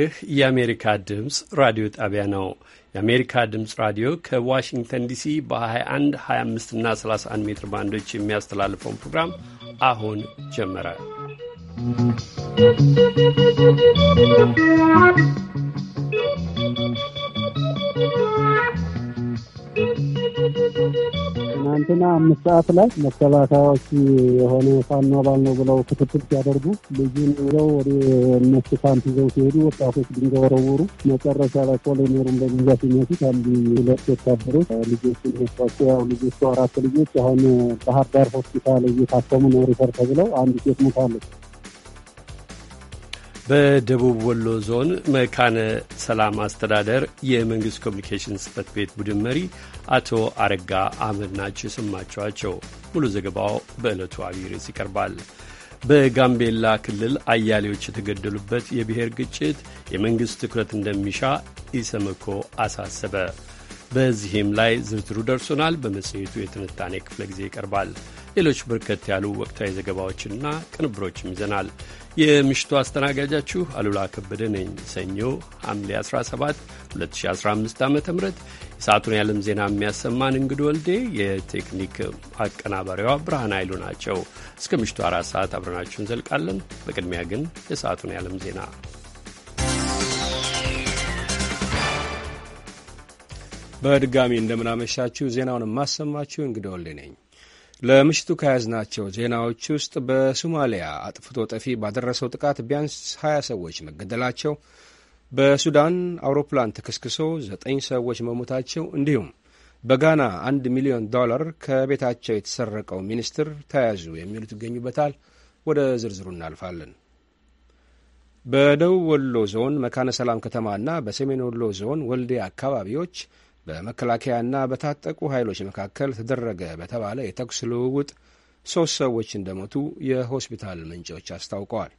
ይህ የአሜሪካ ድምፅ ራዲዮ ጣቢያ ነው። የአሜሪካ ድምፅ ራዲዮ ከዋሽንግተን ዲሲ በ21፣ 25 እና 31 ሜትር ባንዶች የሚያስተላልፈውን ፕሮግራም አሁን ጀመረ። ትናንትና አምስት ሰዓት ላይ መከላከያዎች የሆነ ፋኖ አባል ነው ብለው ክትትል ሲያደርጉ ልጁን ይዘው ወደ እነሱ ካምፕ ይዘው ሲሄዱ ወጣቶች ድንጋይ ወረወሩ። መጨረሻ ላይ ኮሎኔሩን በድንጋይ ሲመቱት አንድ ሁለት ወታደሮች ልጆች ነሷቸው። ያው ልጆቹ አራት ልጆች አሁን ባህር ዳር ሆስፒታል እየታከሙ ነው ሪፈር ተብለው፣ አንድ ሴት ሞታለች። በደቡብ ወሎ ዞን መካነ ሰላም አስተዳደር የመንግስት ኮሚኒኬሽን ጽህፈት ቤት ቡድን መሪ አቶ አረጋ አህመድ ናቸው የሰማችኋቸው። ሙሉ ዘገባው በዕለቱ አብይ ርዕስ ይቀርባል። በጋምቤላ ክልል አያሌዎች የተገደሉበት የብሔር ግጭት የመንግሥት ትኩረት እንደሚሻ ኢሰመኮ አሳሰበ። በዚህም ላይ ዝርዝሩ ደርሶናል። በመጽሔቱ የትንታኔ ክፍለ ጊዜ ይቀርባል። ሌሎች በርከት ያሉ ወቅታዊ ዘገባዎችና ቅንብሮችም ይዘናል። የምሽቱ አስተናጋጃችሁ አሉላ ከበደ ነኝ። ሰኞ ሐምሌ 17 2015 ዓ ም ሰዓቱን ያለም ዜና የሚያሰማን እንግዶ ወልዴ፣ የቴክኒክ አቀናባሪዋ ብርሃን ኃይሉ ናቸው። እስከ ምሽቱ አራት ሰዓት አብረናችሁ እንዘልቃለን። በቅድሚያ ግን የሰዓቱን ያለም ዜና በድጋሚ እንደምናመሻችሁ። ዜናውን የማሰማችሁ እንግዶ ወልዴ ነኝ። ለምሽቱ ከያዝናቸው ዜናዎች ውስጥ በሶማሊያ አጥፍቶ ጠፊ ባደረሰው ጥቃት ቢያንስ 20 ሰዎች መገደላቸው በሱዳን አውሮፕላን ተከስክሶ ዘጠኝ ሰዎች መሞታቸው እንዲሁም በጋና አንድ ሚሊዮን ዶላር ከቤታቸው የተሰረቀው ሚኒስትር ተያዙ የሚሉት ይገኙበታል። ወደ ዝርዝሩ እናልፋለን። በደቡብ ወሎ ዞን መካነ ሰላም ከተማና በሰሜን ወሎ ዞን ወልዴ አካባቢዎች በመከላከያና በታጠቁ ኃይሎች መካከል ተደረገ በተባለ የተኩስ ልውውጥ ሦስት ሰዎች እንደሞቱ የሆስፒታል ምንጮች አስታውቀዋል።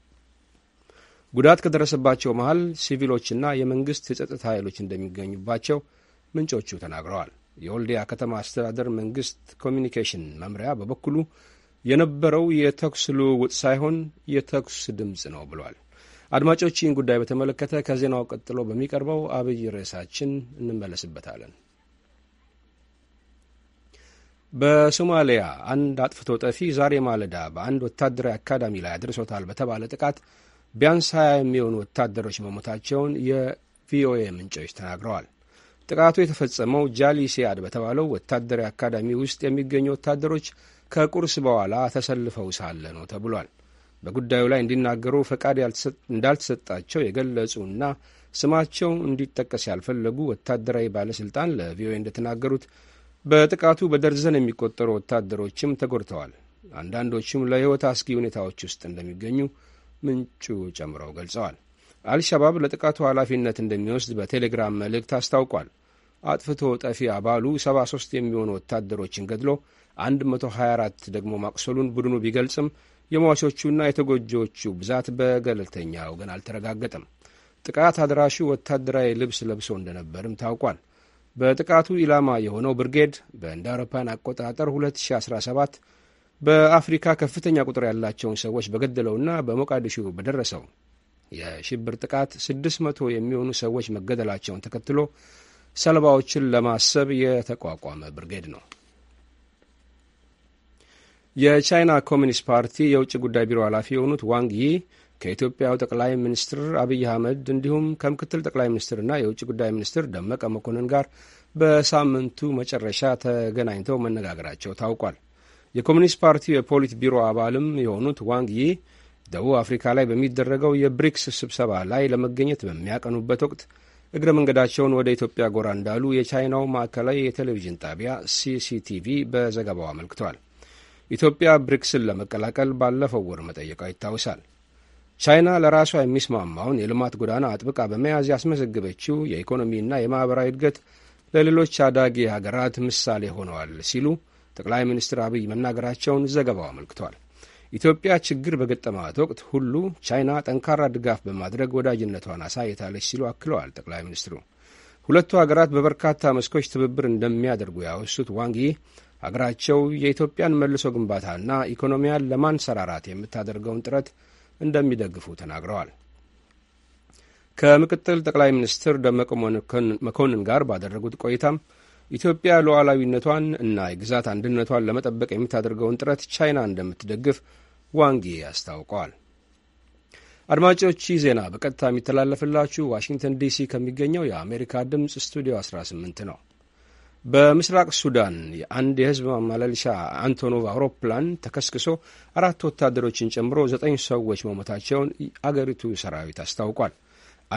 ጉዳት ከደረሰባቸው መሃል ሲቪሎችና የመንግሥት የጸጥታ ኃይሎች እንደሚገኙባቸው ምንጮቹ ተናግረዋል። የወልዲያ ከተማ አስተዳደር መንግሥት ኮሚኒኬሽን መምሪያ በበኩሉ የነበረው የተኩስ ልውውጥ ሳይሆን የተኩስ ድምፅ ነው ብሏል። አድማጮች፣ ይህን ጉዳይ በተመለከተ ከዜናው ቀጥሎ በሚቀርበው አብይ ርዕሳችን እንመለስበታለን። በሶማሊያ አንድ አጥፍቶ ጠፊ ዛሬ ማለዳ በአንድ ወታደራዊ አካዳሚ ላይ አድርሶታል በተባለ ጥቃት ቢያንስ ሀያ የሚሆኑ ወታደሮች መሞታቸውን የቪኦኤ ምንጮች ተናግረዋል። ጥቃቱ የተፈጸመው ጃሊሲያድ በተባለው ወታደራዊ አካዳሚ ውስጥ የሚገኙ ወታደሮች ከቁርስ በኋላ ተሰልፈው ሳለ ነው ተብሏል። በጉዳዩ ላይ እንዲናገሩ ፈቃድ እንዳልተሰጣቸው የገለጹና ስማቸው እንዲጠቀስ ያልፈለጉ ወታደራዊ ባለሥልጣን ለቪኦኤ እንደተናገሩት በጥቃቱ በደርዘን የሚቆጠሩ ወታደሮችም ተጎድተዋል። አንዳንዶቹም ለሕይወት አስጊ ሁኔታዎች ውስጥ እንደሚገኙ ምንጩ ጨምረው ገልጸዋል። አልሻባብ ለጥቃቱ ኃላፊነት እንደሚወስድ በቴሌግራም መልእክት አስታውቋል። አጥፍቶ ጠፊ አባሉ 73 የሚሆኑ ወታደሮችን ገድሎ 124 ደግሞ ማቁሰሉን ቡድኑ ቢገልጽም የሟቾቹና የተጎጂዎቹ ብዛት በገለልተኛ ወገን አልተረጋገጠም። ጥቃት አድራሹ ወታደራዊ ልብስ ለብሶ እንደነበርም ታውቋል። በጥቃቱ ኢላማ የሆነው ብርጌድ በእንደ አውሮፓውያን አቆጣጠር 2017 በአፍሪካ ከፍተኛ ቁጥር ያላቸውን ሰዎች በገደለውና በሞቃዲሾ በደረሰው የሽብር ጥቃት 600 የሚሆኑ ሰዎች መገደላቸውን ተከትሎ ሰለባዎችን ለማሰብ የተቋቋመ ብርጌድ ነው። የቻይና ኮሚኒስት ፓርቲ የውጭ ጉዳይ ቢሮ ኃላፊ የሆኑት ዋንግ ይ ከኢትዮጵያው ጠቅላይ ሚኒስትር አብይ አህመድ እንዲሁም ከምክትል ጠቅላይ ሚኒስትርና የውጭ ጉዳይ ሚኒስትር ደመቀ መኮንን ጋር በሳምንቱ መጨረሻ ተገናኝተው መነጋገራቸው ታውቋል። የኮሚኒስት ፓርቲው የፖሊት ቢሮ አባልም የሆኑት ዋንግ ይ ደቡብ አፍሪካ ላይ በሚደረገው የብሪክስ ስብሰባ ላይ ለመገኘት በሚያቀኑበት ወቅት እግረ መንገዳቸውን ወደ ኢትዮጵያ ጎራ እንዳሉ የቻይናው ማዕከላዊ የቴሌቪዥን ጣቢያ ሲሲቲቪ በዘገባው አመልክቷል። ኢትዮጵያ ብሪክስን ለመቀላቀል ባለፈው ወር መጠየቋ ይታወሳል። ቻይና ለራሷ የሚስማማውን የልማት ጎዳና አጥብቃ በመያዝ ያስመዘገበችው የኢኮኖሚና የማኅበራዊ እድገት ለሌሎች አዳጊ ሀገራት ምሳሌ ሆነዋል ሲሉ ጠቅላይ ሚኒስትር አብይ መናገራቸውን ዘገባው አመልክቷል። ኢትዮጵያ ችግር በገጠማት ወቅት ሁሉ ቻይና ጠንካራ ድጋፍ በማድረግ ወዳጅነቷን አሳይታለች ሲሉ አክለዋል ጠቅላይ ሚኒስትሩ። ሁለቱ ሀገራት በበርካታ መስኮች ትብብር እንደሚያደርጉ ያወሱት ዋንጊ ሀገራቸው የኢትዮጵያን መልሶ ግንባታና ኢኮኖሚያን ለማንሰራራት የምታደርገውን ጥረት እንደሚደግፉ ተናግረዋል። ከምክትል ጠቅላይ ሚኒስትር ደመቀ መኮንን ጋር ባደረጉት ቆይታም ኢትዮጵያ ሉዓላዊነቷን እና የግዛት አንድነቷን ለመጠበቅ የምታደርገውን ጥረት ቻይና እንደምትደግፍ ዋንጊ አስታውቀዋል። አድማጮች ይህ ዜና በቀጥታ የሚተላለፍላችሁ ዋሽንግተን ዲሲ ከሚገኘው የአሜሪካ ድምፅ ስቱዲዮ 18 ነው። በምስራቅ ሱዳን የአንድ የህዝብ ማመላለሻ አንቶኖቭ አውሮፕላን ተከስክሶ አራት ወታደሮችን ጨምሮ ዘጠኝ ሰዎች መሞታቸውን አገሪቱ ሰራዊት አስታውቋል።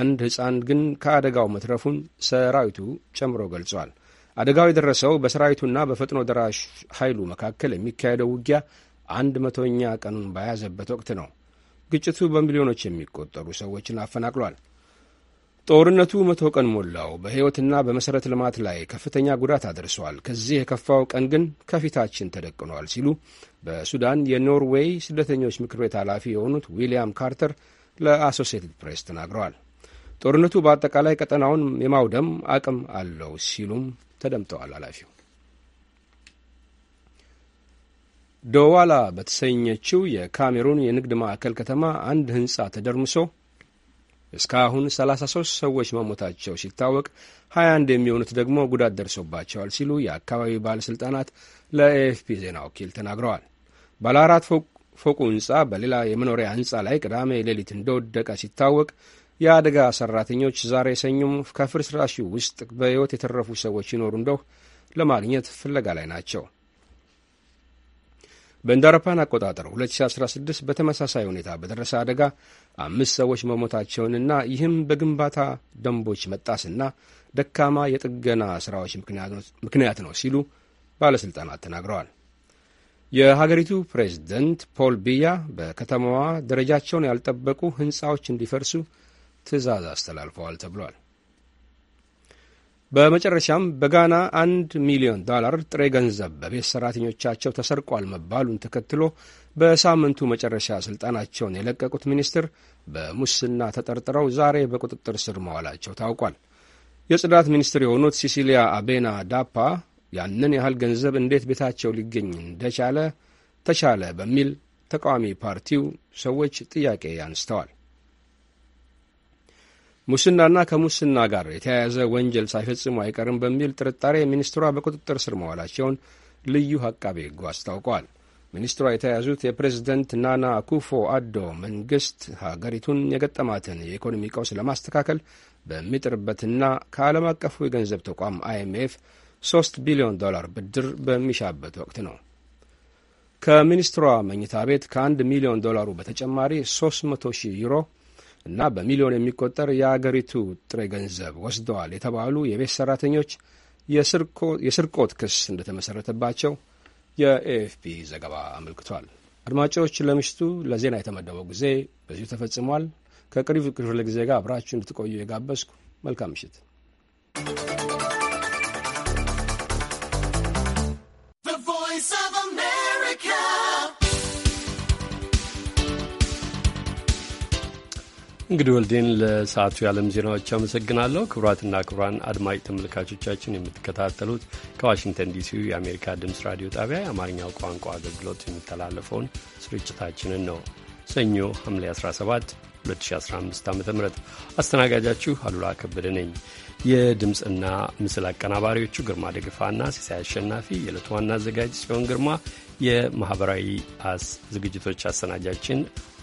አንድ ሕፃን ግን ከአደጋው መትረፉን ሰራዊቱ ጨምሮ ገልጿል። አደጋው የደረሰው በሰራዊቱና በፈጥኖ ደራሽ ኃይሉ መካከል የሚካሄደው ውጊያ አንድ መቶኛ ቀኑን በያዘበት ወቅት ነው። ግጭቱ በሚሊዮኖች የሚቆጠሩ ሰዎችን አፈናቅሏል። ጦርነቱ መቶ ቀን ሞላው። በሕይወትና በመሠረተ ልማት ላይ ከፍተኛ ጉዳት አድርሷል። ከዚህ የከፋው ቀን ግን ከፊታችን ተደቅኗል ሲሉ በሱዳን የኖርዌይ ስደተኞች ምክር ቤት ኃላፊ የሆኑት ዊልያም ካርተር ለአሶሴትድ ፕሬስ ተናግረዋል። ጦርነቱ በአጠቃላይ ቀጠናውን የማውደም አቅም አለው ሲሉም ተደምጠዋል። ኃላፊው ዶዋላ በተሰኘችው የካሜሩን የንግድ ማዕከል ከተማ አንድ ህንጻ ተደርምሶ እስካሁን 33 ሰዎች መሞታቸው ሲታወቅ 21 የሚሆኑት ደግሞ ጉዳት ደርሶባቸዋል ሲሉ የአካባቢው ባለሥልጣናት ለኤኤፍፒ ዜና ወኪል ተናግረዋል። ባለ አራት ፎቁ ሕንፃ በሌላ የመኖሪያ ሕንፃ ላይ ቅዳሜ ሌሊት እንደወደቀ ሲታወቅ የአደጋ ሰራተኞች ዛሬ ሰኞም ከፍርስራሹ ውስጥ በሕይወት የተረፉ ሰዎች ይኖሩ እንደው ለማግኘት ፍለጋ ላይ ናቸው። በእንደ አቆጣጠር 2016 በተመሳሳይ ሁኔታ በደረሰ አደጋ አምስት ሰዎች መሞታቸውንና ይህም በግንባታ ደንቦች መጣስና ደካማ የጥገና ሥራዎች ምክንያት ነው ሲሉ ባለሥልጣናት ተናግረዋል። የሀገሪቱ ፕሬዝደንት ፖል ቢያ በከተማዋ ደረጃቸውን ያልጠበቁ ሕንፃዎች እንዲፈርሱ ትዕዛዝ አስተላልፈዋል ተብሏል። በመጨረሻም በጋና አንድ ሚሊዮን ዶላር ጥሬ ገንዘብ በቤት ሰራተኞቻቸው ተሰርቋል መባሉን ተከትሎ በሳምንቱ መጨረሻ ስልጣናቸውን የለቀቁት ሚኒስትር በሙስና ተጠርጥረው ዛሬ በቁጥጥር ስር መዋላቸው ታውቋል። የጽዳት ሚኒስትር የሆኑት ሲሲሊያ አቤና ዳፓ ያንን ያህል ገንዘብ እንዴት ቤታቸው ሊገኝ እንደቻለ ተቻለ በሚል ተቃዋሚ ፓርቲው ሰዎች ጥያቄ አንስተዋል። ሙስናና ከሙስና ጋር የተያያዘ ወንጀል ሳይፈጽሙ አይቀርም በሚል ጥርጣሬ ሚኒስትሯ በቁጥጥር ስር መዋላቸውን ልዩ አቃቤ ሕጉ አስታውቋል። ሚኒስትሯ የተያዙት የፕሬዝደንት ናና አኩፎ አዶ መንግስት ሀገሪቱን የገጠማትን የኢኮኖሚ ቀውስ ለማስተካከል በሚጥርበትና ከዓለም አቀፉ የገንዘብ ተቋም አይኤምኤፍ 3 ቢሊዮን ዶላር ብድር በሚሻበት ወቅት ነው። ከሚኒስትሯ መኝታ ቤት ከ1 ሚሊዮን ዶላሩ በተጨማሪ 300 ሺህ ዩሮ እና በሚሊዮን የሚቆጠር የአገሪቱ ጥሬ ገንዘብ ወስደዋል የተባሉ የቤት ሰራተኞች የስርቆት ክስ እንደተመሰረተባቸው የኤኤፍፒ ዘገባ አመልክቷል። አድማጮች፣ ለምሽቱ ለዜና የተመደበው ጊዜ በዚሁ ተፈጽሟል። ከቅሪብ ክፍለ ጊዜ ጋር አብራችሁ እንድትቆዩ የጋበዝኩ መልካም ምሽት። እንግዲህ ወልዴን ለሰዓቱ የዓለም ዜናዎች አመሰግናለሁ። ክቡራትና ክቡራን አድማጭ ተመልካቾቻችን የምትከታተሉት ከዋሽንግተን ዲሲ የአሜሪካ ድምፅ ራዲዮ ጣቢያ የአማርኛው ቋንቋ አገልግሎት የሚተላለፈውን ስርጭታችንን ነው። ሰኞ ሐምሌ 17 2015 ዓ ም አስተናጋጃችሁ አሉላ ከበደ ነኝ። የድምፅና ምስል አቀናባሪዎቹ ግርማ ደግፋና ሲሳይ አሸናፊ፣ የዕለቱ ዋና አዘጋጅ ጽዮን ግርማ፣ የማኅበራዊ ዝግጅቶች አሰናጃችን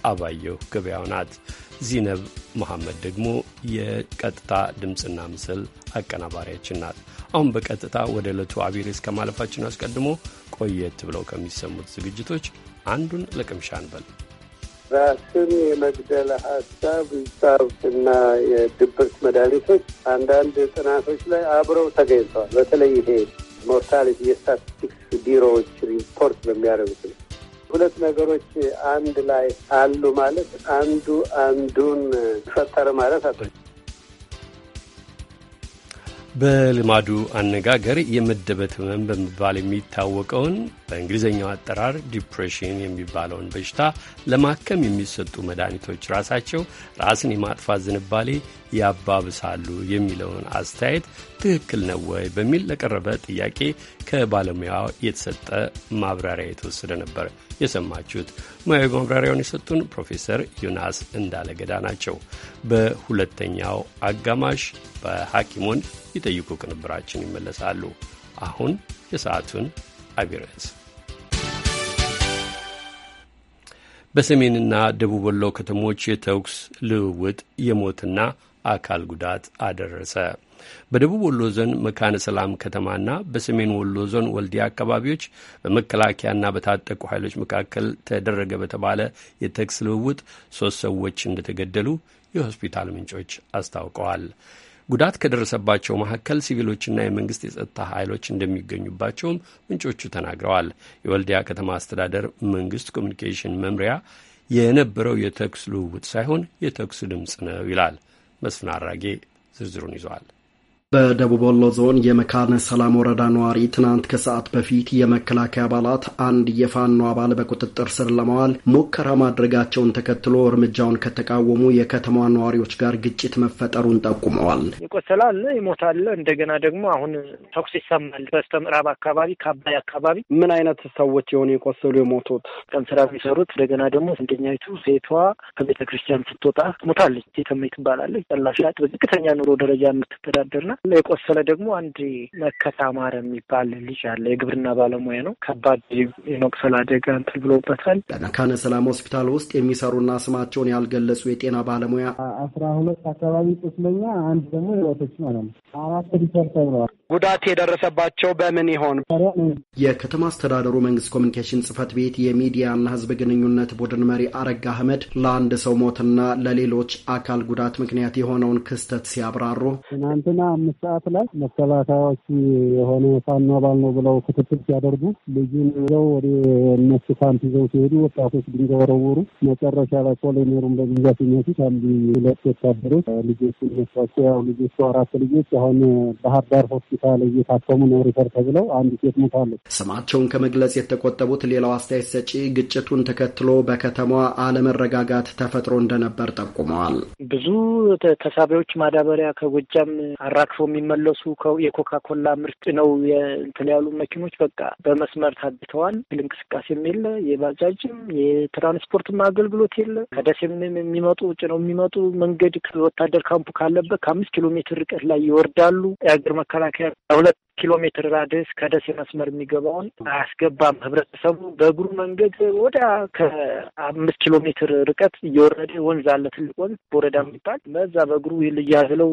አባየሁ ገበያው ናት። ዚነብ መሐመድ ደግሞ የቀጥታ ድምፅና ምስል አቀናባሪያችን ናት። አሁን በቀጥታ ወደ ዕለቱ አቢር እስከ ማለፋችን አስቀድሞ ቆየት ብለው ከሚሰሙት ዝግጅቶች አንዱን ለቅምሻ እንበል። ራስን የመግደል ሀሳብ ሳብና የድብርት መድኃኒቶች አንዳንድ ጥናቶች ላይ አብረው ተገኝተዋል። በተለይ ይሄ ሞርታሊቲ የስታቲስቲክስ ቢሮዎች ሪፖርት በሚያደርጉት ነው ሁለት ነገሮች አንድ ላይ አሉ ማለት አንዱ አንዱን ፈጠረ ማለት አቶ በልማዱ አነጋገር የመደበት ህመም በመባል የሚታወቀውን በእንግሊዝኛው አጠራር ዲፕሬሽን የሚባለውን በሽታ ለማከም የሚሰጡ መድኃኒቶች ራሳቸው ራስን የማጥፋት ዝንባሌ ያባብሳሉ የሚለውን አስተያየት ትክክል ነው ወይ በሚል ለቀረበ ጥያቄ ከባለሙያው የተሰጠ ማብራሪያ የተወሰደ ነበር። የሰማችሁት። ሙያዊ ማብራሪያውን የሰጡን ፕሮፌሰር ዮናስ እንዳለገዳ ናቸው። በሁለተኛው አጋማሽ በሐኪሙን ይጠይቁ ቅንብራችን ይመለሳሉ። አሁን የሰዓቱን አቢረስ በሰሜንና ደቡብ ወሎ ከተሞች የተኩስ ልውውጥ የሞትና አካል ጉዳት አደረሰ። በደቡብ ወሎ ዞን መካነ ሰላም ከተማና በሰሜን ወሎ ዞን ወልዲያ አካባቢዎች በመከላከያና በታጠቁ ኃይሎች መካከል ተደረገ በተባለ የተኩስ ልውውጥ ሶስት ሰዎች እንደተገደሉ የሆስፒታል ምንጮች አስታውቀዋል። ጉዳት ከደረሰባቸው መካከል ሲቪሎችና የመንግስት የጸጥታ ኃይሎች እንደሚገኙባቸውም ምንጮቹ ተናግረዋል። የወልዲያ ከተማ አስተዳደር መንግስት ኮሚኒኬሽን መምሪያ የነበረው የተኩስ ልውውጥ ሳይሆን የተኩስ ድምፅ ነው ይላል። መስፍን አራጌ ዝርዝሩን ይዟል። በደቡብ ወሎ ዞን የመካነ ሰላም ወረዳ ነዋሪ ትናንት ከሰዓት በፊት የመከላከያ አባላት አንድ የፋኖ አባል በቁጥጥር ስር ለማዋል ሙከራ ማድረጋቸውን ተከትሎ እርምጃውን ከተቃወሙ የከተማዋ ነዋሪዎች ጋር ግጭት መፈጠሩን ጠቁመዋል። ይቆሰላል ይሞታል። እንደገና ደግሞ አሁን ተኩስ ይሰማል። በስተ ምዕራብ አካባቢ ከአባይ አካባቢ ምን አይነት ሰዎች የሆኑ የቆሰሉ የሞቱት ቀን ስራ የሚሰሩት እንደገና ደግሞ ስንደኛዊቱ ሴቷ ከቤተ ክርስቲያን ስትወጣ ሞታለች። ሴተመይ ትባላለች። ጠላሻ በዝቅተኛ ኑሮ ደረጃ የምትተዳደርና የቆሰለ ደግሞ አንድ መከታ አማረ የሚባል ልጅ አለ። የግብርና ባለሙያ ነው። ከባድ የመቁሰል አደጋ እንትን ብሎበታል። በመካነ ሰላም ሆስፒታል ውስጥ የሚሰሩና ስማቸውን ያልገለጹ የጤና ባለሙያ አስራ ሁለት አካባቢ ቁስለኛ፣ አንድ ደግሞ ህይወቶች ማለት ነው። አራት ሪሰርተር ነዋል ጉዳት የደረሰባቸው በምን ይሆን? የከተማ አስተዳደሩ መንግስት ኮሚኒኬሽን ጽህፈት ቤት የሚዲያና ህዝብ ግንኙነት ቡድን መሪ አረጋ አህመድ ለአንድ ሰው ሞትና ለሌሎች አካል ጉዳት ምክንያት የሆነውን ክስተት ሲያብራሩ ትናንትና አምስት ሰዓት ላይ መከላከያዎች የሆነ ፋኖ አባል ነው ብለው ክትትል ሲያደርጉ ልጁን ይዘው ወደ እነሱ ካምፕ ይዘው ሲሄዱ ወጣቶች ድንጋይ ወረወሩ። መጨረሻ ላይ ኮሎኔሩን በብዛት ሲመቱት አንዱ ሁለት ወታደሮች ልጆቹ ነሷቸው። ያው ልጆቹ አራት ልጆች አሁን ባህር ዳር ሆስፒታል ሆስፒታል እየታከሙ ነው ሪፈር ተብለው አንድ ሴት ሞታለች። ስማቸውን ከመግለጽ የተቆጠቡት ሌላው አስተያየት ሰጪ ግጭቱን ተከትሎ በከተማዋ አለመረጋጋት ተፈጥሮ እንደነበር ጠቁመዋል። ብዙ ተሳቢዎች ማዳበሪያ ከጎጃም አራክፎ የሚመለሱ የኮካኮላ ምርት ነው እንትን ያሉ መኪኖች በቃ በመስመር ታግተዋል። እንቅስቃሴም የለ፣ የባጃጅም የትራንስፖርትም አገልግሎት የለ። ከደሴም የሚመጡ ጭነው የሚመጡ መንገድ ወታደር ካምፑ ካለበት ከአምስት ኪሎ ሜትር ርቀት ላይ ይወርዳሉ። የአገር መከላከያ അവിടെ ኪሎ ሜትር ራድስ ከደሴ መስመር የሚገባውን አያስገባም። ህብረተሰቡ በእግሩ መንገድ ወደ ከአምስት ኪሎ ሜትር ርቀት እየወረደ ወንዝ አለ፣ ትልቅ ወንዝ ወረዳ የሚባል በዛ በእግሩ ልያዝለው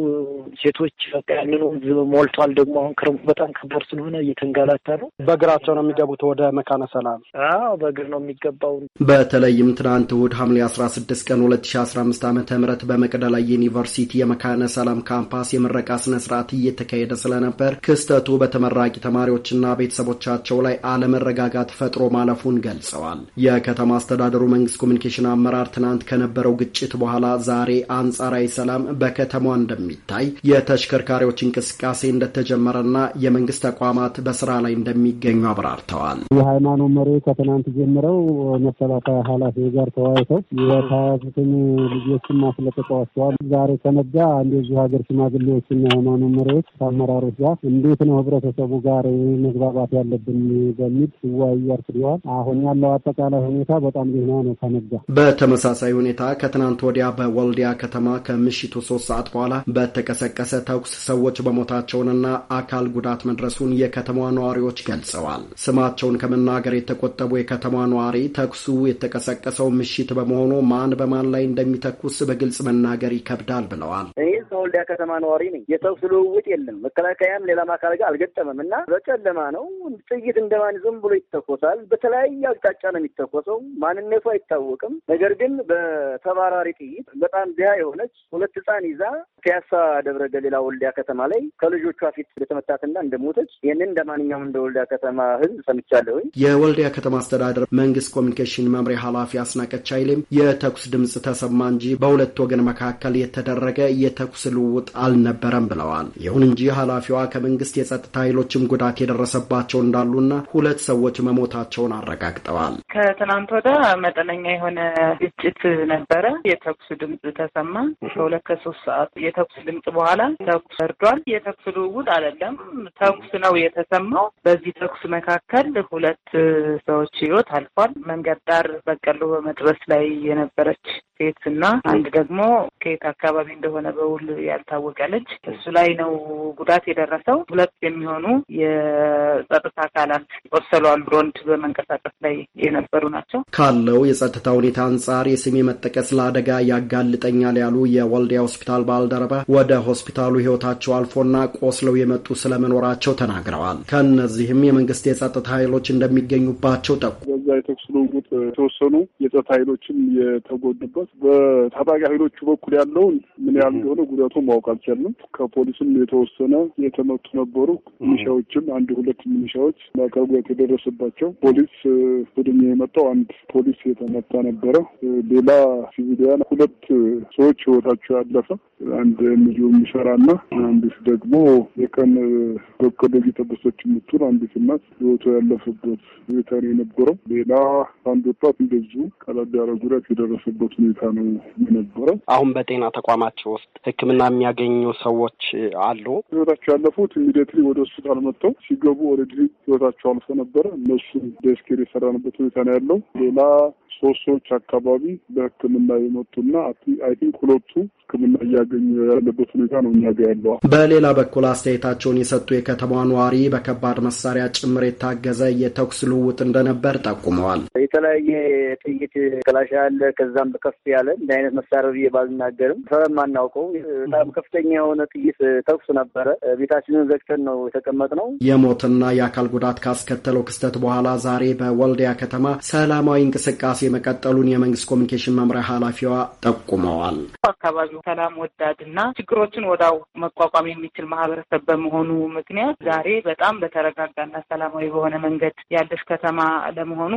ሴቶች በቃ ያንን ወንዝ ሞልቷል። ደግሞ አሁን ክረምቱ በጣም ከባድ ስለሆነ እየተንጋላታ ነው። በእግራቸው ነው የሚገቡት ወደ መካነ ሰላም። አዎ በእግር ነው የሚገባው። በተለይም ትናንት እሁድ ሐምሌ አስራ ስድስት ቀን ሁለት ሺ አስራ አምስት ዓመተ ምህረት በመቅደላ ዩኒቨርሲቲ የመካነ ሰላም ካምፓስ የምረቃ ስነስርዓት እየተካሄደ ስለነበር ክስተቱ በተመራቂ ተማሪዎችና ቤተሰቦቻቸው ላይ አለመረጋጋት ፈጥሮ ማለፉን ገልጸዋል። የከተማ አስተዳደሩ መንግስት ኮሚኒኬሽን አመራር ትናንት ከነበረው ግጭት በኋላ ዛሬ አንጻራዊ ሰላም በከተማዋ እንደሚታይ የተሽከርካሪዎች እንቅስቃሴ እንደተጀመረና የመንግስት ተቋማት በስራ ላይ እንደሚገኙ አብራርተዋል። የሃይማኖት መሪ ከትናንት ጀምረው መከላከያ ኃላፊ ጋር ተወያይተው የታያዙትን ልጆችን ማስለቀቀዋቸዋል። ዛሬ ከነጋ እንደዚሁ ሀገር ሽማግሌዎችና የሃይማኖት መሪዎች ከአመራሮች ጋር እንዴት ነው ህብረተሰቡ ጋር መግባባት ያለብን በሚል ሲወያዩ አርፍደዋል። አሁን ያለው አጠቃላይ ሁኔታ በጣም ዜና ነው። ከነጋ በተመሳሳይ ሁኔታ ከትናንት ወዲያ በወልዲያ ከተማ ከምሽቱ ሶስት ሰዓት በኋላ በተቀሰቀሰ ተኩስ ሰዎች በሞታቸውንና አካል ጉዳት መድረሱን የከተማዋ ነዋሪዎች ገልጸዋል። ስማቸውን ከመናገር የተቆጠቡ የከተማ ነዋሪ ተኩሱ የተቀሰቀሰው ምሽት በመሆኑ ማን በማን ላይ እንደሚተኩስ በግልጽ መናገር ይከብዳል ብለዋል። ይህ ከወልዲያ ከተማ ነዋሪ ነኝ። የተኩስ ልውውጥ የለም። መከላከያም ሌላም አካል ጋር አልገጠመም እና በጨለማ ነው። ጥይት እንደማን ዝም ብሎ ይተኮሳል። በተለያየ አቅጣጫ ነው የሚተኮሰው። ማንነቱ አይታወቅም። ነገር ግን በተባራሪ ጥይት በጣም ድሃ የሆነች ሁለት ህፃን ይዛ ፒያሳ ደብረ ገሊላ ወልዲያ ከተማ ላይ ከልጆቿ ፊት እንደተመታትና እንደሞተች ይህንን እንደ ማንኛውም እንደ ወልዲያ ከተማ ህዝብ ሰምቻለሁኝ። የወልዲያ ከተማ አስተዳደር መንግስት ኮሚኒኬሽን መምሪያ ኃላፊ አስናቀች ኃይሌም የተኩስ ድምጽ ተሰማ እንጂ በሁለት ወገን መካከል የተደረገ የተኩስ ልውውጥ አልነበረም ብለዋል። ይሁን እንጂ ኃላፊዋ ከመንግስት የጸ የጸጥታ ኃይሎችም ጉዳት የደረሰባቸው እንዳሉና ሁለት ሰዎች መሞታቸውን አረጋግጠዋል። ከትናንት ወደ መጠነኛ የሆነ ግጭት ነበረ። የተኩስ ድምፅ ተሰማ። ከሁለት ከሶስት ሰዓት የተኩስ ድምፅ በኋላ ተኩስ እርዷል። የተኩስ ልውውጥ አይደለም፣ ተኩስ ነው የተሰማው። በዚህ ተኩስ መካከል ሁለት ሰዎች ህይወት አልፏል። መንገድ ዳር በቀሎ በመድረስ ላይ የነበረች ሴት እና አንድ ደግሞ ከየት አካባቢ እንደሆነ በውል ያልታወቀ ልጅ እሱ ላይ ነው ጉዳት የደረሰው። ሁለት የሚሆኑ የጸጥታ አካላት ቆሰሉ አሉ። ሮንድ በመንቀሳቀስ ላይ የነበሩ ናቸው። ካለው የጸጥታ ሁኔታ አንጻር የስሜ መጠቀስ ለአደጋ ያጋልጠኛል ያሉ የወልዲያ ሆስፒታል ባልደረባ ወደ ሆስፒታሉ ህይወታቸው አልፎና ቆስለው የመጡ ስለመኖራቸው ተናግረዋል። ከእነዚህም የመንግስት የጸጥታ ኃይሎች እንደሚገኙባቸው ጠቁ በዛ የተኩስ ልውውጥ የተወሰኑ የጸጥታ ኃይሎችም የተጎዱበት በታጣቂ ኃይሎቹ በኩል ያለውን ምን ያህል እንደሆነ ጉዳቱ ማወቅ አልቻልንም። ከፖሊስም የተወሰነ የተመቱ ነበሩ። ሚኒሻዎችም አንድ ሁለት ሚኒሻዎች ለቀውት የደረሰባቸው ፖሊስ ቡድን የመጣው አንድ ፖሊስ የተመታ ነበረ። ሌላ ሲቪሊያን ሁለት ሰዎች ህይወታቸው ያለፈ አንድ ሚሊዮ የሚሰራና አንዲት ደግሞ የቀን በቀዶ እየጠበሰች የምትውል አንዲት እናት ህይወቱ ያለፈበት ሁኔታ ነው የነበረው። ሌላ አንድ ወጣት እንደዚሁ ቀለል ያለ ጉዳት የደረሰበት ሁኔታ ነው የነበረው። አሁን በጤና ተቋማቸው ውስጥ ህክምና የሚያገኙ ሰዎች አሉ። ህይወታቸው ያለፉት ኢሚዲየትሊ ወደ ሆስፒታል መጥተው ሲገቡ ወደ ህይወታቸው አልፎ ነበረ። እነሱን ደስኬር የሰራንበት ሁኔታ ነው ያለው። ሌላ ሶስት ሰዎች አካባቢ በህክምና የመጡና አይ ቲንክ ሁለቱ ህክምና እያገኙ ያለበት ሁኔታ ነው እኛ ጋ ያለው። በሌላ በኩል አስተያየታቸውን የሰጡ የከተማ ነዋሪ በከባድ መሳሪያ ጭምር የታገዘ የተኩስ ልውውጥ እንደነበር ጠቁመዋል። የተለያየ ጥይት ክላሽ አለ፣ ከዛም ከፍ ያለ እንደ አይነት መሳሪያ ብዬ ባልናገርም ስለማናውቀው በጣም ከፍተኛ የሆነ ጥይት ተኩስ ነበረ። ቤታችንን ዘግተን ነው የተቀመጥነው። የሞትና የአካል ጉዳት ካስከተለው ክስተት በኋላ ዛሬ በወልዲያ ከተማ ሰላማዊ እንቅስቃሴ መቀጠሉን የመንግስት ኮሚኒኬሽን መምሪያ ኃላፊዋ ጠቁመዋል። አካባቢው ሰላም ወዳድና ችግሮችን ወዳው መቋቋም የሚችል ማህበረሰብ በመሆኑ ምክንያት ዛሬ በጣም በተረጋጋና ሰላማዊ በሆነ መንገድ ያለች ከተማ ለመሆኑ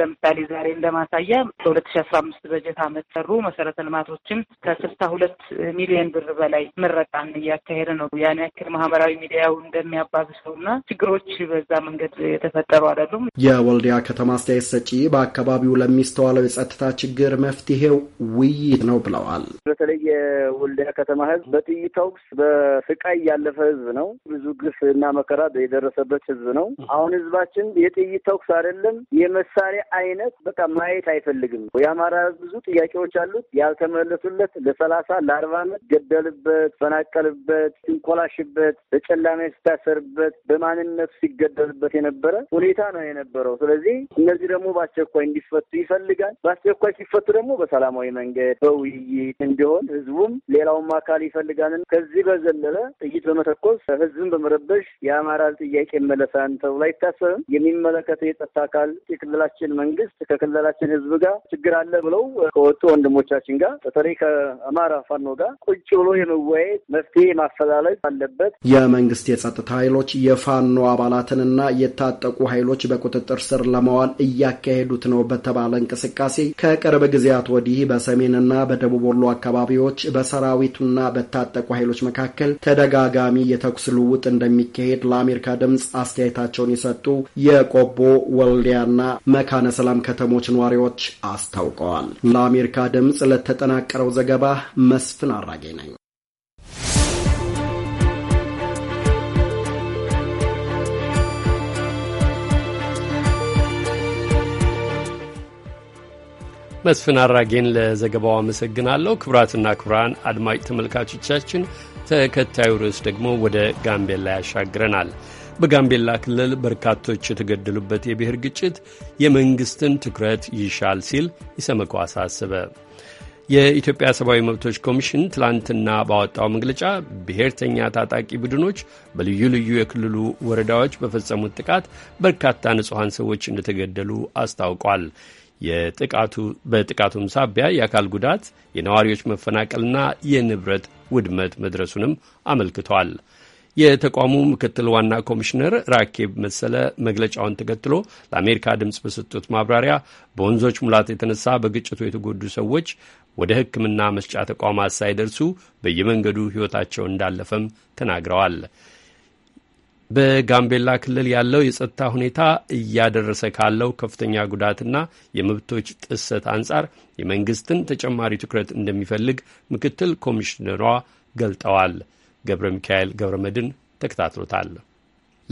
ለምሳሌ ዛሬ እንደማሳያ በሁለት ሺ አስራ አምስት በጀት አመት ሰሩ መሰረተ ልማቶችን ከስልሳ ሁለት ሚሊዮን ብር በላይ ምረቃን እያካሄደ ነው። ያን ያክል ማህበራዊ ሚዲያው እንደሚያባብሰውና ችግሮች በዛ መንገድ የተፈጠሩ አይደሉም። የወልዲያ ከተማ አስተያየት ሰጪ በአካባቢው ለሚስ ለሚስተዋለው የጸጥታ ችግር መፍትሄው ውይይት ነው ብለዋል። በተለይ የወልዲያ ከተማ ህዝብ በጥይት ተኩስ በስቃይ ያለፈ ህዝብ ነው። ብዙ ግፍ እና መከራ የደረሰበት ህዝብ ነው። አሁን ህዝባችን የጥይት ተኩስ አይደለም የመሳሪያ አይነት በቃ ማየት አይፈልግም። የአማራ ህዝብ ብዙ ጥያቄዎች አሉት ያልተመለሱለት ለሰላሳ ለአርባ ዓመት ገደልበት፣ ፈናቀልበት፣ ሲንኮላሽበት፣ በጨለማ ሲታሰርበት፣ በማንነቱ ሲገደልበት የነበረ ሁኔታ ነው የነበረው። ስለዚህ እነዚህ ደግሞ በአስቸኳይ እንዲፈቱ ይፈል ይፈልጋል። በአስቸኳይ ሲፈቱ ደግሞ በሰላማዊ መንገድ በውይይት እንዲሆን ህዝቡም ሌላውም አካል ይፈልጋልን። ከዚህ በዘለለ ጥይት በመተኮስ ህዝብን በመረበሽ የአማራን ጥያቄ መለሳን ተብሎ አይታሰብም። የሚመለከተው የጸጥታ አካል የክልላችን መንግስት ከክልላችን ህዝብ ጋር ችግር አለ ብለው ከወጡ ወንድሞቻችን ጋር በተለይ ከአማራ ፋኖ ጋር ቁጭ ብሎ የመወያየት መፍትሄ ማፈላለግ አለበት። የመንግስት የጸጥታ ኃይሎች የፋኖ አባላትንና የታጠቁ ኃይሎች በቁጥጥር ስር ለመዋል እያካሄዱት ነው በተባለ እንቅስቃሴ እንቅስቃሴ ከቅርብ ጊዜያት ወዲህ በሰሜንና በደቡብ ወሎ አካባቢዎች በሰራዊቱና በታጠቁ ኃይሎች መካከል ተደጋጋሚ የተኩስ ልውውጥ እንደሚካሄድ ለአሜሪካ ድምፅ አስተያየታቸውን የሰጡ የቆቦ ወልዲያና መካነ ሰላም ከተሞች ነዋሪዎች አስታውቀዋል። ለአሜሪካ ድምፅ ለተጠናቀረው ዘገባ መስፍን አራጌ ነኝ። መስፍን አራጌን ለዘገባው አመሰግናለሁ። ክቡራትና ክቡራን አድማጭ ተመልካቾቻችን ተከታዩ ርዕስ ደግሞ ወደ ጋምቤላ ያሻግረናል። በጋምቤላ ክልል በርካቶች የተገደሉበት የብሔር ግጭት የመንግስትን ትኩረት ይሻል ሲል ኢሰመኮ አሳስበ። የኢትዮጵያ ሰብአዊ መብቶች ኮሚሽን ትላንትና ባወጣው መግለጫ ብሔርተኛ ታጣቂ ቡድኖች በልዩ ልዩ የክልሉ ወረዳዎች በፈጸሙት ጥቃት በርካታ ንጹሐን ሰዎች እንደተገደሉ አስታውቋል። በጥቃቱም ሳቢያ የአካል ጉዳት፣ የነዋሪዎች መፈናቀልና የንብረት ውድመት መድረሱንም አመልክቷል። የተቋሙ ምክትል ዋና ኮሚሽነር ራኬብ መሰለ መግለጫውን ተከትሎ ለአሜሪካ ድምፅ በሰጡት ማብራሪያ በወንዞች ሙላት የተነሳ በግጭቱ የተጎዱ ሰዎች ወደ ሕክምና መስጫ ተቋማት ሳይደርሱ በየመንገዱ ሕይወታቸው እንዳለፈም ተናግረዋል። በጋምቤላ ክልል ያለው የጸጥታ ሁኔታ እያደረሰ ካለው ከፍተኛ ጉዳትና የመብቶች ጥሰት አንጻር የመንግስትን ተጨማሪ ትኩረት እንደሚፈልግ ምክትል ኮሚሽነሯ ገልጠዋል። ገብረ ሚካኤል ገብረ መድን ተከታትሎታል።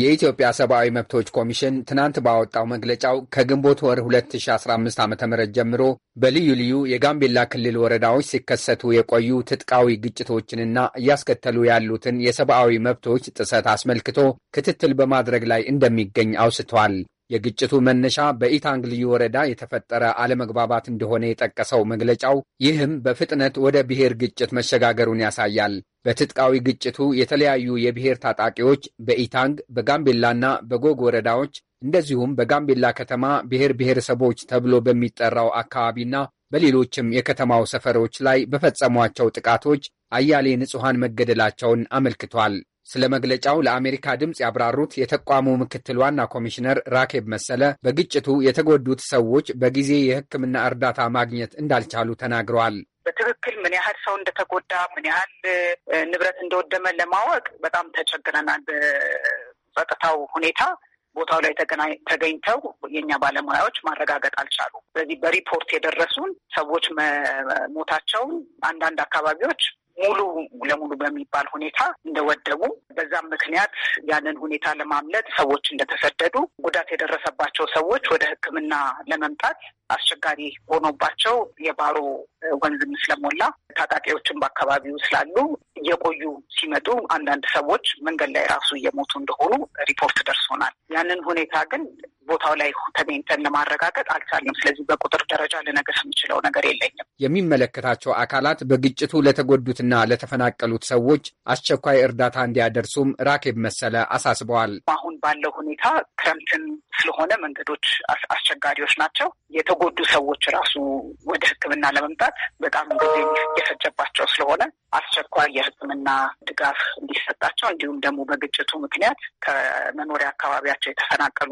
የኢትዮጵያ ሰብአዊ መብቶች ኮሚሽን ትናንት ባወጣው መግለጫው ከግንቦት ወር 2015 ዓ ም ጀምሮ በልዩ ልዩ የጋምቤላ ክልል ወረዳዎች ሲከሰቱ የቆዩ ትጥቃዊ ግጭቶችንና እያስከተሉ ያሉትን የሰብአዊ መብቶች ጥሰት አስመልክቶ ክትትል በማድረግ ላይ እንደሚገኝ አውስቷል። የግጭቱ መነሻ በኢታንግ ልዩ ወረዳ የተፈጠረ አለመግባባት እንደሆነ የጠቀሰው መግለጫው ይህም በፍጥነት ወደ ብሔር ግጭት መሸጋገሩን ያሳያል። በትጥቃዊ ግጭቱ የተለያዩ የብሔር ታጣቂዎች በኢታንግ በጋምቤላና በጎግ ወረዳዎች እንደዚሁም በጋምቤላ ከተማ ብሔር ብሔረሰቦች ተብሎ በሚጠራው አካባቢና በሌሎችም የከተማው ሰፈሮች ላይ በፈጸሟቸው ጥቃቶች አያሌ ንጹሐን መገደላቸውን አመልክቷል። ስለ መግለጫው ለአሜሪካ ድምፅ ያብራሩት የተቋሙ ምክትል ዋና ኮሚሽነር ራኬብ መሰለ በግጭቱ የተጎዱት ሰዎች በጊዜ የሕክምና እርዳታ ማግኘት እንዳልቻሉ ተናግረዋል። በትክክል ምን ያህል ሰው እንደተጎዳ፣ ምን ያህል ንብረት እንደወደመ ለማወቅ በጣም ተቸግረናል። በጸጥታው ሁኔታ ቦታው ላይ ተገኝተው የኛ ባለሙያዎች ማረጋገጥ አልቻሉ። ስለዚህ በሪፖርት የደረሱን ሰዎች መሞታቸውን አንዳንድ አካባቢዎች ሙሉ ለሙሉ በሚባል ሁኔታ እንደወደቡ በዛም ምክንያት ያንን ሁኔታ ለማምለጥ ሰዎች እንደተሰደዱ ጉዳት የደረሰባቸው ሰዎች ወደ ሕክምና ለመምጣት አስቸጋሪ ሆኖባቸው የባሮ ወንዝም ስለሞላ ታጣቂዎችን በአካባቢው ስላሉ እየቆዩ ሲመጡ አንዳንድ ሰዎች መንገድ ላይ ራሱ እየሞቱ እንደሆኑ ሪፖርት ደርሶናል። ያንን ሁኔታ ግን ቦታው ላይ ተገኝተን ለማረጋገጥ አልቻለም። ስለዚህ በቁጥር ደረጃ ልነገስ የምችለው ነገር የለኝም። የሚመለከታቸው አካላት በግጭቱ ለተጎዱት ለተጎዱትና ለተፈናቀሉት ሰዎች አስቸኳይ እርዳታ እንዲያደርሱም ራኬብ መሰለ አሳስበዋል። አሁን ባለው ሁኔታ ክረምትን ስለሆነ መንገዶች አስቸጋሪዎች ናቸው። የተጎዱ ሰዎች ራሱ ወደ ሕክምና ለመምጣት በጣም ጊዜ የፈጀባቸው ስለሆነ አስቸኳይ የሕክምና ድጋፍ እንዲሰጣቸው እንዲሁም ደግሞ በግጭቱ ምክንያት ከመኖሪያ አካባቢያቸው የተፈናቀሉ